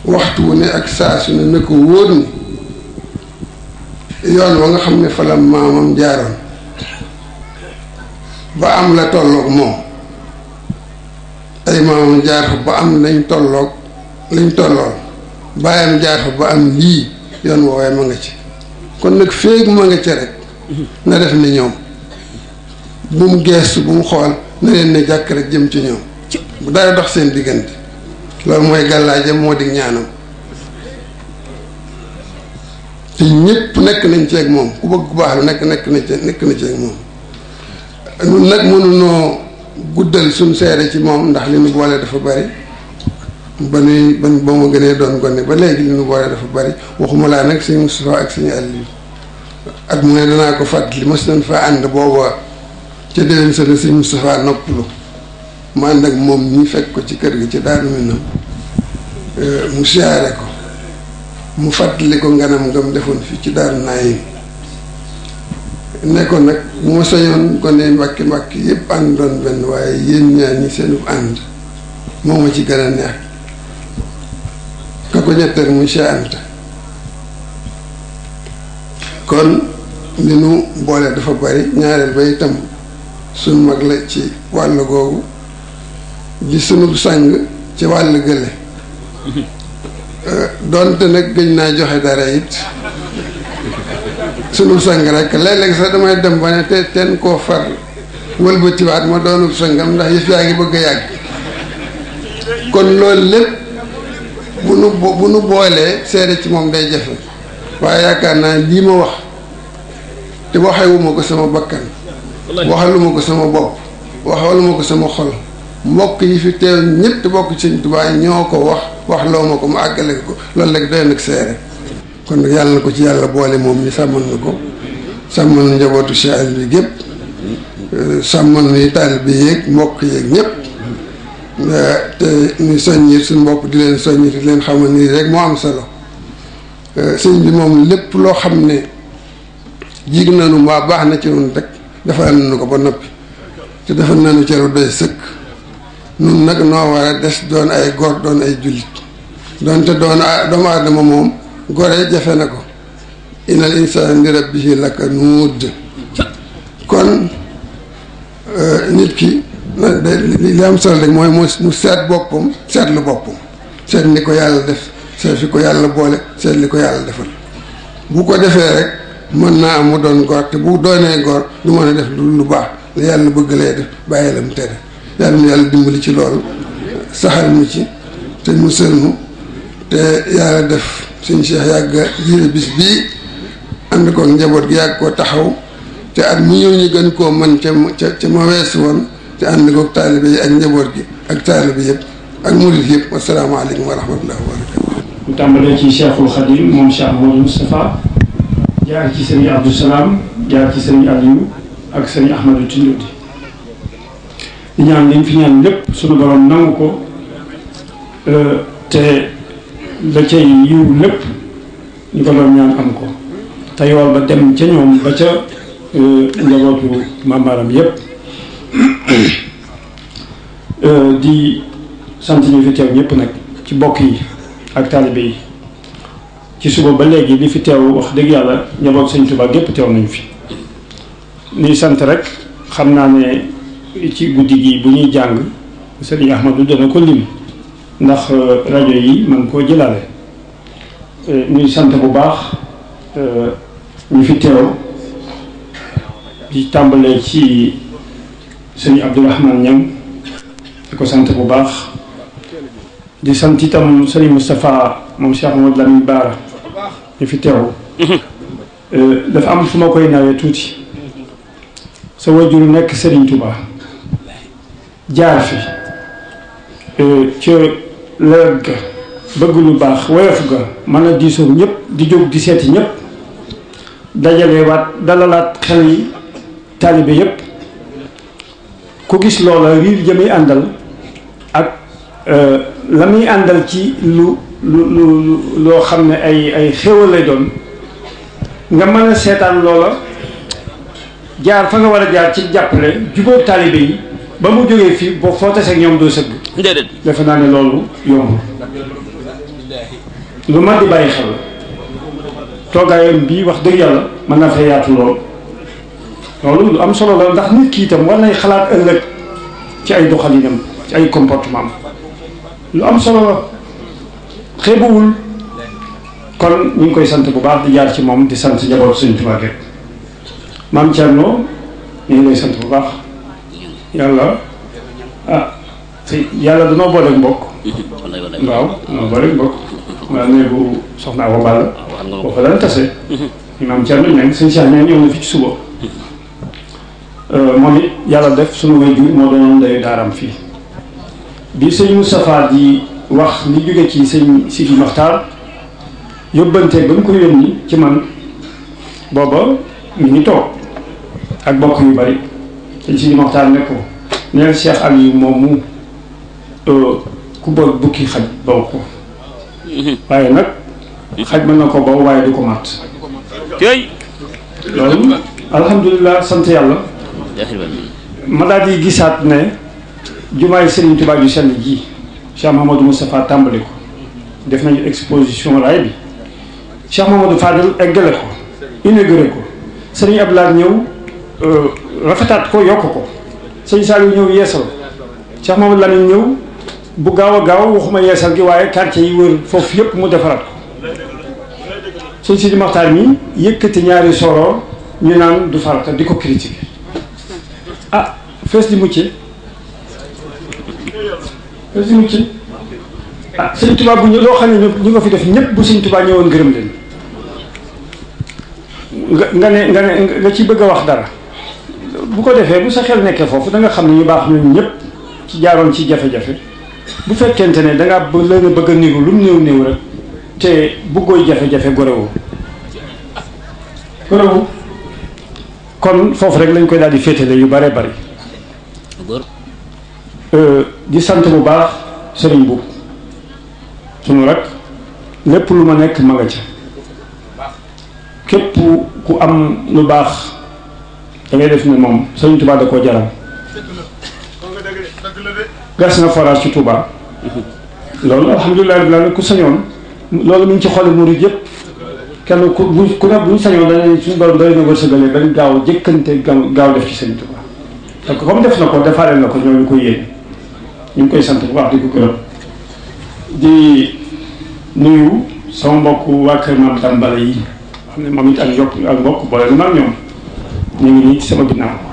waxtu wu ne ak saa su ne ne ko wóor ni yoon wa nga xam ne falam maamam jaaroon ba am la tolloog moom ay maamam jaar fa ba am lañ tollook liñ tollool bàyyam jaar fa ba am lii yoon woowee ma nga ci kon nag féeg ma nga ci rek na def ni ñoom bu mu geestu bu mu xool na leen ne jàkk rek jëm ci ñoom bu dara dox seen diggante loolu mooy gàllaajam moo di ñaanam te ñépp nekk nañ ci ak moom ku bëgg ku baax la nekk nekk na ci nekk na ci ak moom ñun nag mënunoo guddal suñ seere ci moom ndax li ñu boole dafa bari ba nuy ba ba ma gënee doon gone ba léegi li ñu boole dafa bari waxuma laa nag sëñ Moustapha ak sëñ Aliou ak mu ne danaa ko fàttali fa ànd booba ca déwén sa ne sëñ Moustapha noppalu mu ànd ak moom ñi fekk ko ci kër gi ca Daaru Minam euh, mu siyaare ko mu fàttali ko nganam ngam defoon fii ci Daaru Naayim nekkoon nag bu ma soñoon gone mbàkki mbàkki yëpp ànd doon benn waaye yéen ñaar ñi seenu ànd moo ma ci gën a neex ka ko ñetteel muy Cheikh Anta kon li nu boole dafa bari ñaareel ba itam suñ mag la ci wàll googu di sunu sàng ci wàll gële euh, doonte nag gëj naa joxe dara it sunu sang rek léeg-léeg sax damay dem ba ne te teen koo far wëlbatiwaat ma doonul sangam ndax yëf yaa ngi bëgg a yàgg kon lool lépp bu nu boolee seede ci moom day jafe waaye yaakaar naa lii ma wax te waxewuma ko sama bakkan waxaluma ko sama bopp waxaluma ko sama xol mbokk yi fi teew ñett bokk ci Sëñ Tuubaa ñoo ko wax wax loo ma ko mu àggale ko loolu rek doy nag seere kon nag yàlla ko ci yàlla boole moom ni sàmmal na ko sàmmal njabootu Cheikh Aliou bi gépp sàmmal na taalibe yeeg mbokk yeeg ñépp te ñu soññi suñ mbokk di leen soññi di leen xamal nii rek moo am solo sëñ bi moom lépp loo xam ne jig nanu mbaa baax na ci noonu rek defal nañu ko ba noppi te defal nañu ceru doy sëkk nun nag noo war a des doon ay góor doon ay jullit doonte doon doomu aadama moom gore jafe na ko inal insaan li rabbihi lakanuud kon euh, nit ki li am sol rek mooy mu seet boppam lu boppam seet ni ko yàlla def seet fi ko yàlla boole seet li ko yàlla defal bu ko defee rek mën naa am mu doon góor te bu doonee gor du mën a def lu baax la yàlla bëgg lay def bàyyi la mu tere yàlla mu yàlla dimbali ci loolu saxal mu ci te mu sëlmu te yàlla def suñ Cheikh yàgg jiite bis bii ànd koog njaboot gi yàgg koo taxaw te ak mu ñëw ñu gën koo mën ca ca ca ma weesu woon te ànd koog taalibe yi ak njaboot gi ak taalibe yëpp ak murit yëpp wasalaamaaleykum wa rahmatullahi wa barakatu mu tàmbalee ci Cheikhul Khadim moom Cheikh Amadou Moustapha jaar ci sëñ Abdou Salaam jaar ci sëñ Aliou ak sëñ Ahmadou Tindodi di ñaan liñ fi ñaan lépp suñu borom nangu ko euh, te la ca yiw lépp ñu ko doon ñaan am ko te ba dem ca ñoom ba ca e, njabootu màmbaaram yépp e, di sant ñu fi teew ñëpp nag ci bokk yi ak taalibe yi ci suba ba léegi li fi teew wax dëgg yàlla njaboot sëñ Tuubaa gépp teew nañu fi ñuy sant rek xam naa ne ci guddi gi bu ñuy jàng sëriñ Ahmadu dana ko lim ndax euh, rajo yi man koo jëlale euh, ñuy sant bu baax euh, ñu fi teew di tàmbalee ci sëñ Abdourahman Niang di ko sant bu baax di sant itam sëñ Moustapha moom Cheikh Mamadou Lamine Bara ñu fi teewu dafa am fu ma koy nawee tuuti sa wajuru nekk Serigne Touba jaar fi ci lewet ga bëgg lu baax woyof ga mën a diisoo ñëpp di jóg di seeti ñëpp dajalewaat dalalaat xel yi taalibe yëpp ku gis loola riir ja muy àndal ak euh, la muy àndal ci lu lu lu loo xam ne ay ay xéwal lay doon nga mën a seetaan loola jaar fa nga war a jaar ci jàppale jubóog taalibe yi ba mu jógee fii boo foo tasee ñoom doo sëgg déedéet defe naa ne loolu yomb lu ma di bàyyi xel toogaayam bii wax dëgg yàlla mën naa fee yaatu lool loolu lu am solo la ndax nit ki itam war nay xalaat ëllëg ci ay doxalinam ci ay comportement lu am solo la xeebuwul kon ñu ngi koy sant bu baax di jaar ci moom di sant njaboot suñu Tuubaa gépp maam Thierno ñu ngi lay sant bu baax yàlla ah te yàlla danoo booleeg mbokk. waaw danoo booleeg mbokk. waaw néegu soxna Awa Balla. boo fa daan tase. imaam Thierno Mbengue sëñ Cheikh ñëw na fi ci suba. Euh, moom it yàlla def sunu waajur moo doonoon dayu daaram fii bii sëñ Moustapha di wax li jóge ci sëñ Sidi Maxtaar yóbbante ba mu ko yónni ci man booba mi ngi toog ak bokk yu bari sëñ Sidi Maxtaar ne ko neel Cheikh Aliou moom mu Euh, ku bool bukki xaj baw ko mhm. waaye nag xaj mën na ko baw waaye du ko mat tey loolu alhamdulilah sant yàlla ma daal di gisaat ne jumaay Serigne Touba ju sell ji Cheikh Mahamadou Moustapha tàmbali ko def nañu exposition raay bi Cheikh Mahamadou Fadel eggale ko inauguré ko Serigne Abdoulaye ñëw euh, rafetaat ko yokk ko Serigne Saliou ñëw yeesal Cheikh Mahamadou Lamine ñëw bu gaaw a gaaw waxuma yeesal gi waaye quartier yi wër foofu yëpp mu defaral ko suñ si di maxtaar mi yëkkati ñaari soro ñu naan du farata di ko critiquer ah fees di mucce fees di mucce ah sëñ Tuubaa bu ñu loo xam ne ñu nga fi def ñëpp bu sëñ Tuubaa ñëwoon gërëm leen nga nga ne nga ne nga ci bëgg a wax dara bu ko defee bu sa xel nekkee foofu da nga xam ne ñu baax ñun ñëpp ci jaaroon ci jafe-jafe bu fekkente ne da ngaa la nga bëgg a niru lu néew néew rek te bëggooy jafe-jafe gorewu gorewu kon foofu rek lañ koy daal di féetale yu bare bari euh, di sant bu baax sëriñ su sunu rek lépp lu ma nekk ma nga ca képp ku am lu baax da ngay def ne moom sëriñ Tuubaa da koo jaral gas na forage ci Touba loolu alhamdulilah rabbil alamin ku sañoon loolu mu ngi ci xoole murid yëpp kenn ku bu ku ne bu ñu sañoon dañu suñu borom doy na wërsëgale bañ gaaw jëkkante gaaw def ci seen Touba parce que def na ko defaale na ko ñoo ñu koy ñu ngi koy sant bu baax di ko gërëm di nuyu sama mbokk waa kër maam Dambale yi xam ne moom nit ak yokk ak mbokk boole na maag ñoom ñu ngi nii ci sama ginnaaw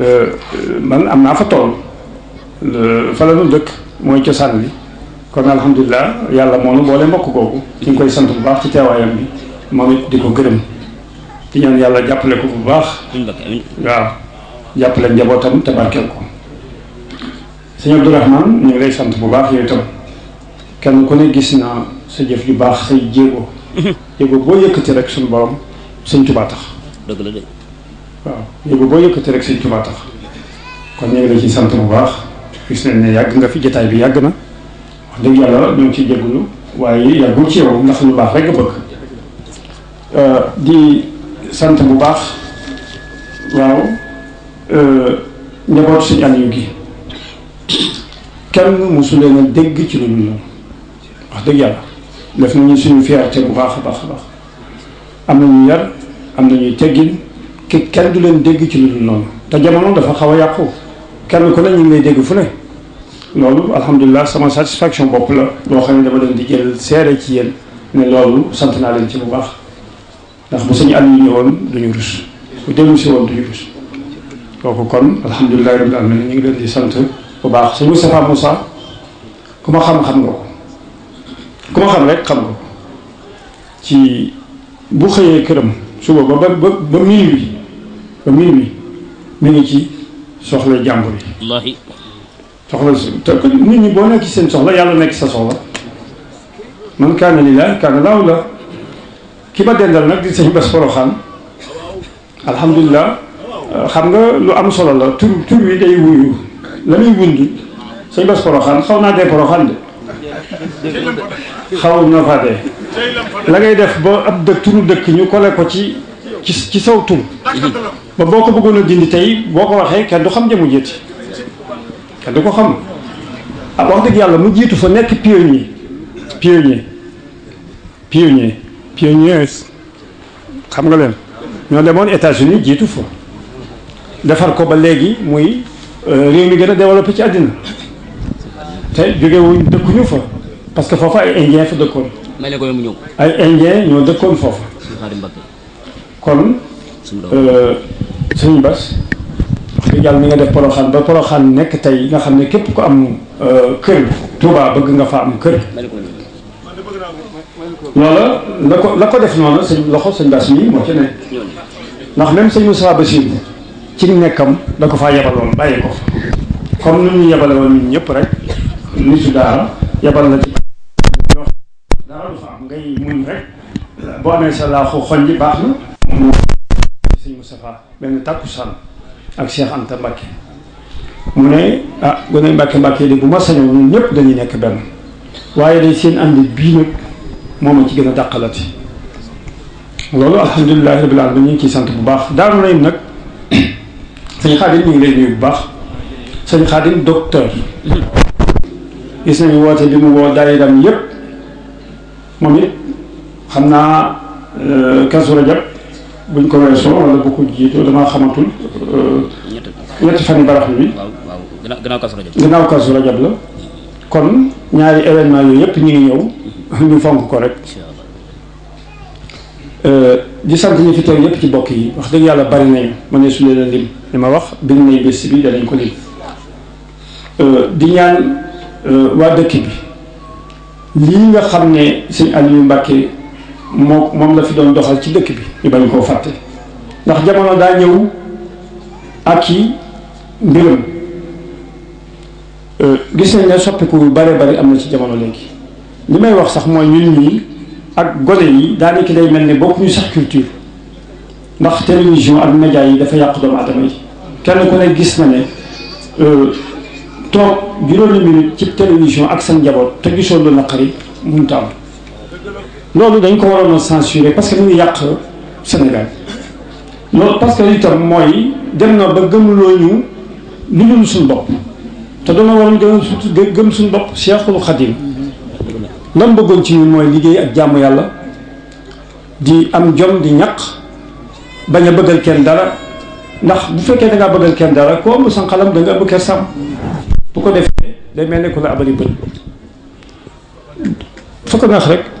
Euh, man am naa fa tool fa la dëkk mooy cosaan bi kon alhamdulilah yàlla moom nu boole mbokk googu ñu ngi koy sant bu baax ci teewaayam bi moom it di ko gërëm ci ñaan yàlla jàppale ko bu baax waaw jàppale njabootam te barkeel ko sëñ Abdourahman ñu ngi lay sant bu baax yooyu tam kenn ku ne gis naa sa jëf ju baax say jéego jéego boo yëkkati rek suñu borom sëñ Tuubaa la waaw yóbbu boo yëkkati rek sëñ Tuubaa tax kon ñu ngi la ci sant bu baax gis nañ ne yàgg nga fi jataay bi yàgg na wax dëgg yàlla ñu ngi ciy jégalu waaye yàggul ci yow ndax lu baax rek nga bëgg euh, di sant bu baax waaw euh, njabootu sëñ Aliou gi kenn mosu leen a dégg ci lu ñu wax dëgg yàlla def nañu suñu fierté bu baax a baax a baax am nañu yar am ñuy teggin ki kenn du leen dégg ci lu dul noonu te jamono dafa xaw a yàqu kenn ko ne ñu ngi lay dégg fu ne loolu alhamdulilah sama satisfaction bopp la loo xam ne dama leen di jël seere ci yéen ne loolu sant naa leen ci bu baax ndax bu suñu àll yi ñëwoon duñu rus bu déglu si woon duñu rus kooku kon alhamdulilah rabbil alamin ñu ngi leen di sant bu baax suñu Moustapha Moussa ku ma xam-xam nga ko ku ma xam rek xam nga ko ci bu xëyee këram suba ba ba ba minuit ba mbir mi mi ngi ci soxla jàmbur yi soxla si te nit ñi boo nekk seen soxla yàlla nekk sa soxla man kaana lillaah kaana laahu la ki ma dendal nag di sëñ bés poroxaan alhamdulilah xam nga lu am solo la tur tur wi day wuyu la muy wund sëñ bés poroxaan xaw naa dee poroxaan de xaw na faa dee la ngay def ba ab dëkk turu dëkk ñu kole ko ci ci saw tur ba boo ko bëggoon a dindi tey boo ko waxee kenn du xam jamu jiiti kenn du ko xam ak wax dëgg yàlla mu jiitu fa nekk pionnier pionnier pionnier pionniers xam nga leen ñoo demoon États-Unis jiitu fa defar ko ba léegi muy euh, réew mi gën a développé ci àddina te wuñ dëkkuñu fa parce que foofu ay indien fa dëkkoon ay indien ñoo dëkkoon foofu kon sëñ Bas wax dëgg ni nga def poroxaan ba poroxaan nekk tey nga xam ne képp ko am euh, kër Touba bëgg nga fa am kër loola la ko la ko def noonu sëñ loxo sëñ Bas mii moo ci ne ndax même sëñ Moussa Bassir ci nekkam da ko fa yebaloon bàyyi ko comme ni ñu yebale woon ñun ñëpp rek nitu daara yebal la ci dara du am ngay muñ rek boo amee sa laaxu xoñ ji baax na sëñ Moustapha benn tàkkusaan ak Cheikh Anta Mbacke mu ne ah gone Mbacke Mbacke de bu ma sañoon ñun ñëpp dañuy nekk benn waaye day seen ànd bii nag moom ci gën a dàqalati loolu alhamdulilahi rabil alamin ñu ngi ciy sant bu baax Daaru Naim nag sëñ Xaadim ñu ngi lay nuyu bu baax sëñ Xaadim docteur gis nañu woote bi mu woo daayiram yëpp moom it xam naa euh, kasu rajab buñ ko weesoo wala bu ko jiitoo dama xamatul. Euh, ñetti fan yi barax bi. waaw waaw gannaaw la kon ñaari événement yooyu yëpp ñu ngi ñëw mhm. ñu fonk ko rek. Euh, di sant ñi fi ñëpp ci bokk wax dëgg yàlla bari nañu ma ne su a lim li wax bés bi danañ ko lim euh, di ñaan waa dëkk bi lii nga xam ne Aliou moo moom la fi doon doxal ci dëkk bi ñu bañ koo fàtte ndax jamono daa ñëw ak yi mbiram euh, gis nañ ne soppiku yu bare bari am na ci jamono léegi li may wax sax mooy ñun ñii ak gone yi daanaka day mel ni bokkuñu sax culture ndax télévision ak média yi dafa yàq doomu aadama yi kenn ku ne gis na ne euh, toog juróomi minute ci télévision ak seen njaboot te gisoo lu naqari mënut a loolu dañ ko waroon a censurer parce que mu ngi yàq Sénégal loolu parce que itam mooy dem na ba gëmuloo ñu lu dul suñu bopp te dama waroon gëm gëm suñu bopp Cheikhul Khadim lan bëggoon ci ñun mooy liggéey ak jàmm yàlla di am jom di ñaq bañ a bëggal kenn ndax bu fekkee da ngaa bëggal kenn dara ko amul san xalam da nga ëmb kersam bu ko defee day mel ne ku la abali bët fu ko rek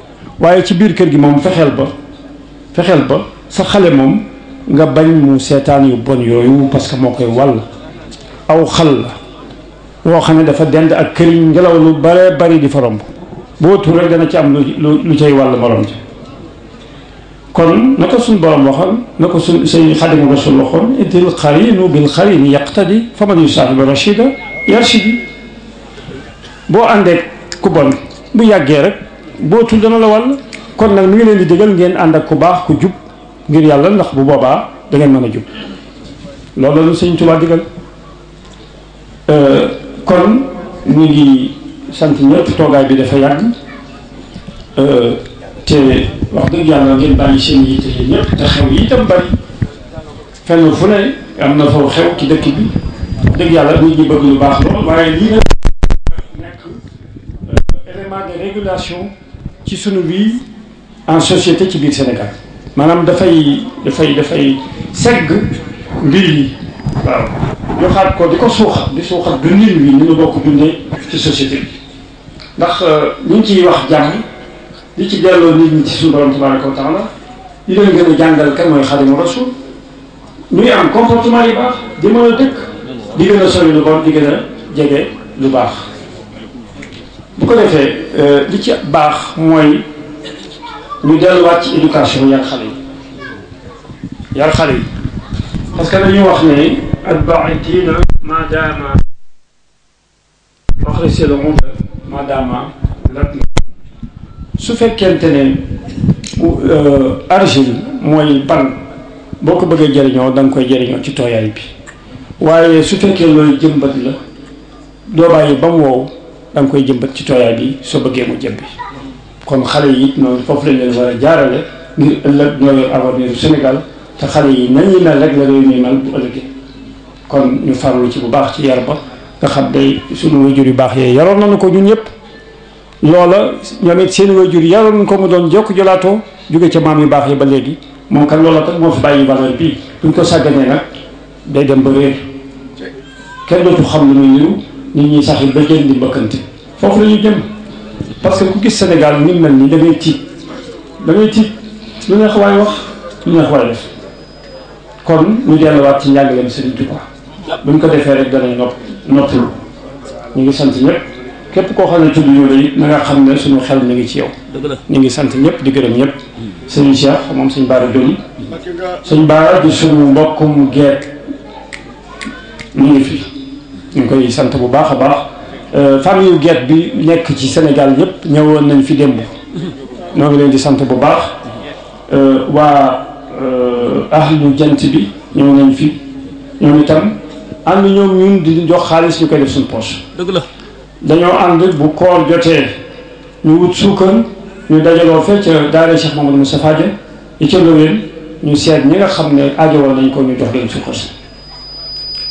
waye ci biir kër gi mom fexel ba fexel ba sa xale mom nga bañ mu sétane yu bon yoyu parce que mokay wal aw xal wo xamné dafa dend ak këriñ ngelaw lu bare bare di fa romb tu rek dana ci am lu cey wal borom ci kon nako suñ borom waxal nako suñ sey khadim rasul waxon idil qarin bil qarin yaqtadi fa man yusaahibu rachida yarshidi bo ande ku bon bu yagge rek bootul dana la wàll kon nag mi ngi leen di dëgal ngeen ànd ak ku baax ku jub ngir yàlla ndax bu boobaa da ngeen mën a jub loolu la sëñ Tuubaa digal euh, kon ñu ngi sant toogaay bi dafa yàgg euh, te wax dëgg yàlla ngeen bàyyi seen yitte yi ñëpp te xew yi itam bari fenn fu ne am na foofu xew ci dëkk bi dëgg yàlla nit ñi bëgg lu baax lool waaye lii nag euh, élément de régulation ci sunu bii en société ci biir Sénégal maanaam dafay dafay dafay segg mbir yi waaw joxaat ko di ko suuxat di suuxat dundin wi ni ñu bokk dundee ci société bi ndax euh, ñu ngi ciy wax jàmm li ci delloo nit ñi ci suñu borom tabaraka di leen gën a jàngal kan mooy xadimu rasul ñuy am comportement yu baax di mën a dëkk di gën a sori lu bon di gën a jege lu baax bu ko defee Euh, li ci baax mooy ñu delluwaat ci éducation yar xale yi yar xale yi parce que dañuy wax ne atbai diina madama su fekkente ne euh, argile mooy ban boo ko bëggee jëriñoo da koy jëriñoo ci tooyaay bi waaye su fekkee looy jëmbat la doo bàyyi ba wow da koy jëmbat ci tooyaay bi soo bëggee mu jëmbi kon xale yi it noonu foofu lañ leen war a jaarale ngir ëllëg ñoo yor avenir Sénégal te xale yi nañuy mel rek la réew mi mel bu ëllëgee kon ñu farlu ci bu baax ci yar ba nga xam day suñu wajur yu baax yooyu yaroon nañu ko ñun ñëpp loola ñoom it seen wajur yaroon nañu ko mu doon jokk jolaatoo jóge ca maam yu baax yi ba léegi moom kan loola tax moo fi bàyyi valeur bii buñ ko sàgganee nag day dem ba réer kenn dootu nit ñi sax ba génn di mbëkkante foofu la ñuy jëm parce que ku gis senegal ni mel nii da ngay tiit da ngay tiit lu neex waay wax lu neex waay def kon ñu waat ci njàngaleem Serigne Touba bu ñu ko defee rek danañ nopp noppalu ñu ngi sant ñëpp képp koo xam ne tudd yooyu it na nga xam ne suñu xel mi ngi ci yow ñu ngi sant ñëpp di gërëm ñëpp Serigne Cheikh moom suñ Baara Doli suñ Baara di suñu mbokkum geet mu ngi fi ñu ngi koy sant bu baax a baax euh, famille Guette bi nekk ci Sénégal yëpp ñëwoon nañ fi démb ñoo ngi leen di sant bu baax euh, waa euh, ahlu jant bi ñëw nañ fi ñoom itam ànd ñoom ñun di jox xaalis ñu koy def suñu poche. dëgg la dañoo ànd bu koor jotee ñu wut suukar ñu dajaloo fee ca daara Cheikh Mamadou Moustapha Dia ñu ca Loween ñu seet ñi nga xam ne aajowoon nañ ko ñu jox leen suukar si.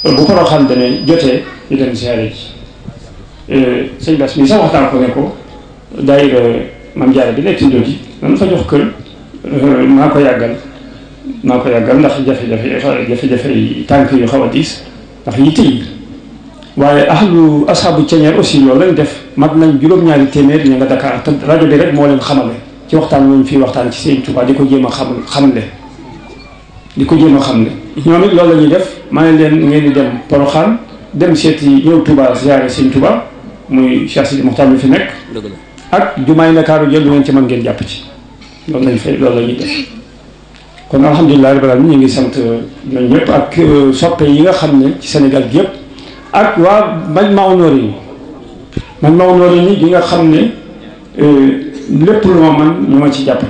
bu poroxaan dane jotee ñu dem siyaare ji euh, sëñ Bass mii sax waxtaan ko ne ko daayira mam jaare bi nekk ci Ndodi nan fa jox kër euh, maa ko yàggal maa ko yàggal ndax jafe-jafe jafe-jafe yi tànk yu xaw a diis ndax yitte yi waaye ahlu asxaabu ceñeer aussi loolu lañ def mag nañ juróom-ñaari téeméer ñu nga Dakar te rajo bi rek moo leen xamale ci waxtaan lañ fii waxtaan ci Sëñ Tuubaa di ko jéem a xam xamle di ko jéem xam xamle ñoom it loolu la ñuy def ma ne leen ngeen di dem Porokhane dem seeti ñëw Touba ziare Sëñ Touba muy Cheikh Sidi Mokhtar bi fi nekk. ak jumaay Ndakaaru jël lu ngeen ci mën ngeen jàpp ci loolu lañ fay loolu la ñuy def kon alhamdulilah rabbil alamin ñu ngi sant euh, ñoom ñëpp ak euh, soppe yi nga xam ne ci Sénégal gi yëpp ak waa Majmahun Nurayni Majmahun Nurayni gi nga xam ne euh, lépp lu ma man ñu ma ci jàpp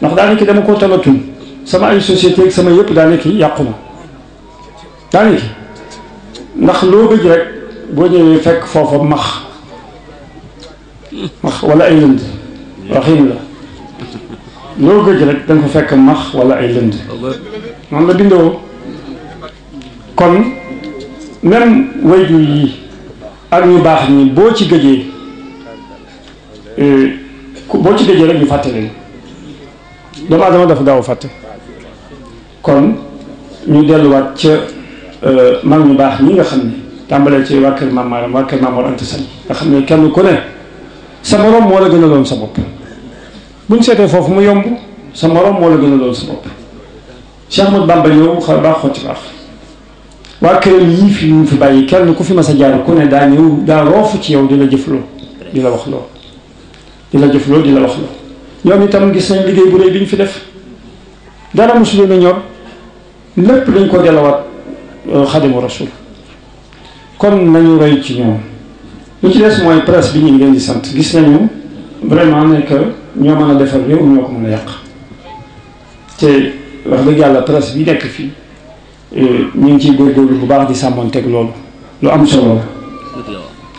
ndax daanaka dama ko talatul sama ay société ak sama yëpp daanaka yàqu ma yaa ngi ndax loo gëj rek boo ñëwee fekk foofa max max wala ay lënd waxiin la loo gëj rek da nga fekk max wala ay lënd man la bindoo kon même wayjur yi ak ñu baax ñi boo ci gëjee euh, boo ci gëjee rek ñu fàtte leen doomu adama dafa gaaw fàtte kon ñu delluwaat ca Euh, mag ñu baax ñi nga xam ne tàmbalee ci waa kër Maam Maaram waa kër Maam Mor Anta nga xam ne kenn ku ne sa morom moo la gën a loon sa bopp buñ seetee foofu mu yomb sa morom moo la gën a loon sa bopp Cheikh Ahmadou Bamba ñëw xal baax ci baax waa këram yii kenn ku fi mas a jaar ku ne daa ñëw daa roofu ci yow di la jëfloo di la wax loo di la jëfloo di la wax loo ñoom itam gis nañ liggéey bu rëy bi ñu fi def dara mosu leen ñor lépp dañ ko delawaat xadimu rasul kon nañu roy ci ñoom lu ci des mooy presse bi ñu ngi leen di sant gis nañu vraiment ne que ñoo mën a defar réew ñoo ko mën a yàq te wax dëgg yàlla presse bi nekk fii eh, ñu ngi ciy góorgóorlu bu baax di sàmmanteeg loolu lu am solo la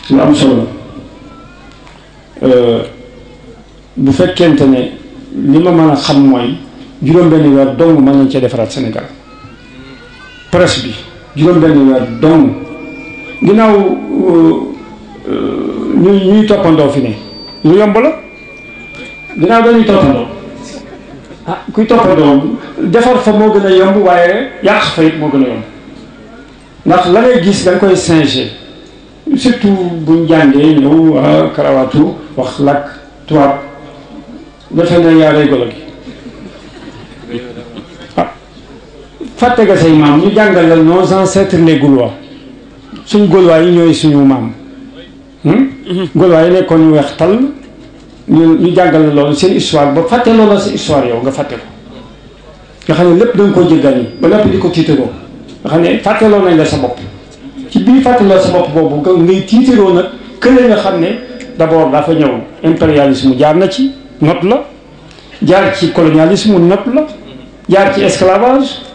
lu am solo la eh, bu fekkente ne li ma mën a xam mooy juróom-benn weer dong mën nañ cee defaraat Sénégal presse bi juróom-benn weer donc ginnaaw euh, euh, ñuy ñuy toppandoo fi ne lu yomb la ginnaaw dañuy toppandoo ah kuy toppandoo defar fa moo gën a yomb waaye yàq fa it moo gën a yomb ndax la ngay gis dañ koy singer surtout buñ jàngee ñëw ah, karawaatu wax làkk tubaab defe ne yaa lay golo gi fàtte nga say maam ñu jàngal la nos ancêtres les Gaulois suñ Gaulois yi ñooy suñu maam hmm? mhm. Gaulois yi nekkoon ñu weex tal ñu ñu jàngal la loolu seen histoire ba fàtte loola sa histoire yow nga fàtte ko nga xam ne lépp da nga koo jéggaan yi ba noppi di ko tiitaroo nga xam ne fàtteloo nañ la sa bopp ci biir fàtteloo sa bopp boobu ngay tiitaroo nag kële nga xam ne d'abord dafa ñëw impérialisme jaar na ci not la jaar ci colonialisme not la jaar ci esclavage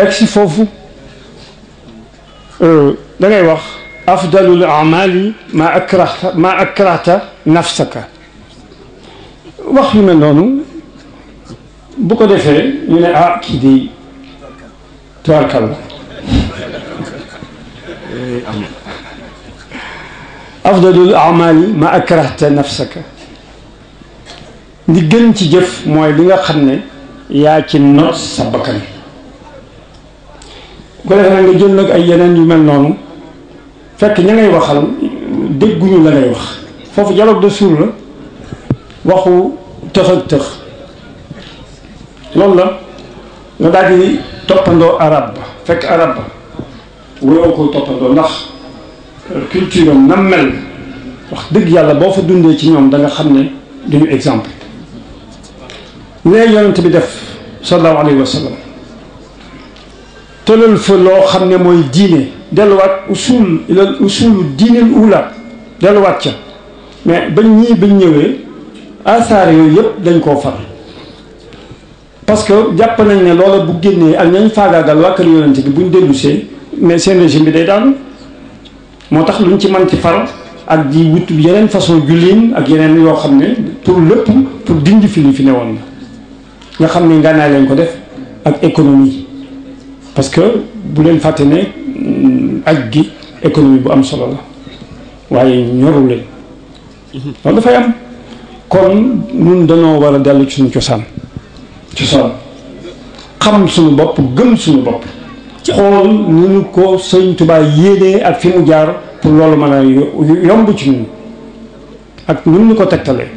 اكسي فوفو دا غاي افضل الاعمال ما اكرهت ما اكرهت نفسك واخي من دونو بو كو ديفه ني ا افضل الاعمال ما اكرهت نفسك دي جن تي جيف موي ليغا خنني يا bu ko defee nga jël nag ay yeneen yu mel noonu fekk ña ngay waxal dégguñu la ngay wax foofu dialogue de sourds la waxu tëx ak tëx loolu la nga daal di toppandoo arab ba fekk arab ba waroo ko toppandoo ndax culture am nam mel wax dëgg yàlla boo fa dundee ci ñoom da nga xam ne duñu exemple nee yonent bi def sallallahu alayhi wa sallam تلول فلو خمني موي ديني دلوات أصول إلى أصول الدين الأولى دلوات ما بني بنيوي آثار يب دن كوفر باسكو جاب نين لولا بوغيني ان نين فاغا دالوا كان يونتي بون ديلوسي مي سين ريجيم بي دان موتاخ لون سي مان سي فار اك دي ووت يينن فاصون جولين اك يينن يو خامني تور لوب تور ديندي فيني في نيوان nga xamni nga na len ko def ak économie parce que bu leen fàtte ne mm, aj bu am solo la waaye ñoru leen loolu dafay am kon ñun dañoo war a dellu ci suñu cosaan cosaan xam suñu bopp gëm suñu bopp xool nu ñu ko sëñ Tuubaa yéenee ak fi mu jaar pour loolu mën yomb ci ñun ak nu ñu ko tegtalee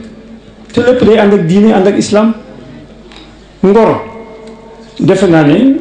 te lépp day ànd ak diine ànd ak islam ngor defe ne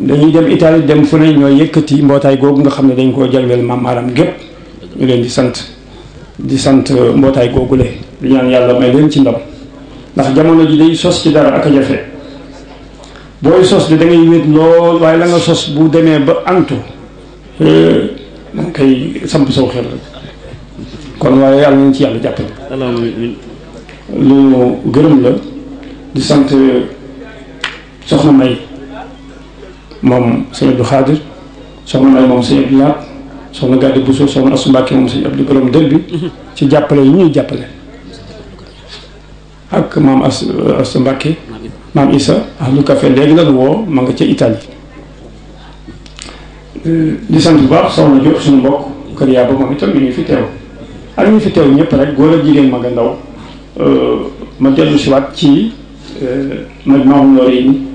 dañuy dem Italie dem fu ne ñooy yëkkati mbootaay googu nga xam ne dañ koo jalweel maam maaram gépp ñu leen di sant di sant euh, mbootaay googule di ñaan yàlla may leen ci ndam ndax jamono ji day sos ci dara ak a jafe booy sos de da ngay wéet lool waaye la nga sos bu demee ba antu euh, da nga koy samp saw xel kon waaye yàlla nañ ci yàlla jàppale lu gërëm la di sant euh, soxna May mom sëñ Abdou Khadir soxna May mom sëñ Abdou Laat soxna Gàddi Bousso soxna Asu Mbàkke mom sëñ Abdou Borom dër bi ci jappale yi ñuy jàppale ak maam as Asu Mbàkke maam Issa ahlu café léegi nak wo ma nga ci Italie euh, di sant bu baax soxna jox suñu mbokk kër ya ba mom itam ñu fi tew ak ñu fi tew ñepp rek goor ak jigen euh, ma nga ndaw euh, ma delu ci wat ci Majmahun Nurayni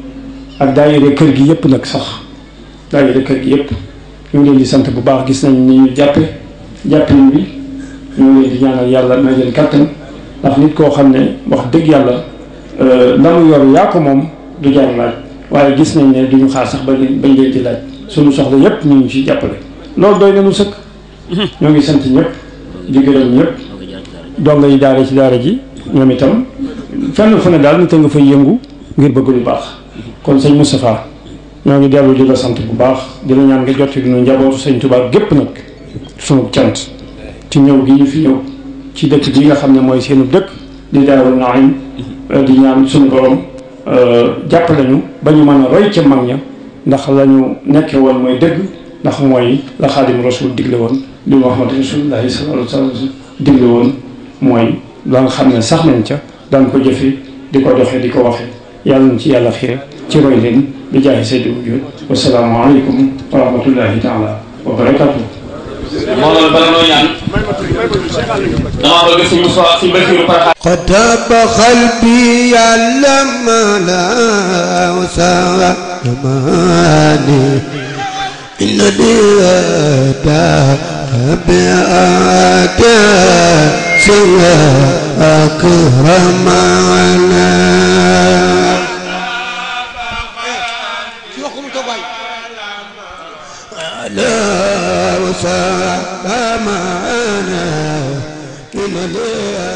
ak daayire kër gi yëpp nag sax daayire kër gi yëpp ñu leen di sant bu baax gis nañ ni ñu jàppe jàppin bi ñu ngi leen di ñaanal yàlla may leen kàttan ndax nit koo xam ne wax dëgg yàlla la euh, mu yor yaa ko moom du jaar laaj waaye gis nañ ne duñu xaar sax ba leen leen di laaj suñu soxla yëpp ñu ngi ci jàppale loolu doy na lu sëkk ñoo ngi sant ñëpp di gërëm ñëpp donga yi daara ci daara ji ñoom itam fenn fu daal nit a nga fay yëngu ngir bëgg lu baax kon sëñ Moustapha ñoo ngi dellu di la sant bu baax di la ñaan nga jot bi nu njabootu sëñ Tuubaa gépp nag sunu cant ci ñëw gi ñu fi ñëw ci dëkk bi nga xam ne mooy seenu dëkk di Daaru Naim di ñaan sunu borom euh, jàpp lañu ba ñu mën a roy ca mag ña ndax la ñu nekkee woon mooy dëgg ndax mooy la xaadim rasul digle woon li Muhammad rasulullahi sallallahu alayhi wa sallam digle woon mooy la nga xam ne sax nañ ca daan ko jëfe di ko doxee di ko waxee yàlla na ci yàlla xiire تيرويد بجاه سيد وجود والسلام عليكم ورحمة الله تعالى وبركاته قد بخلبي يعلم لا أوسع زماني إن ليدا بأدا سوى أكرمنا لا وسامانا لمن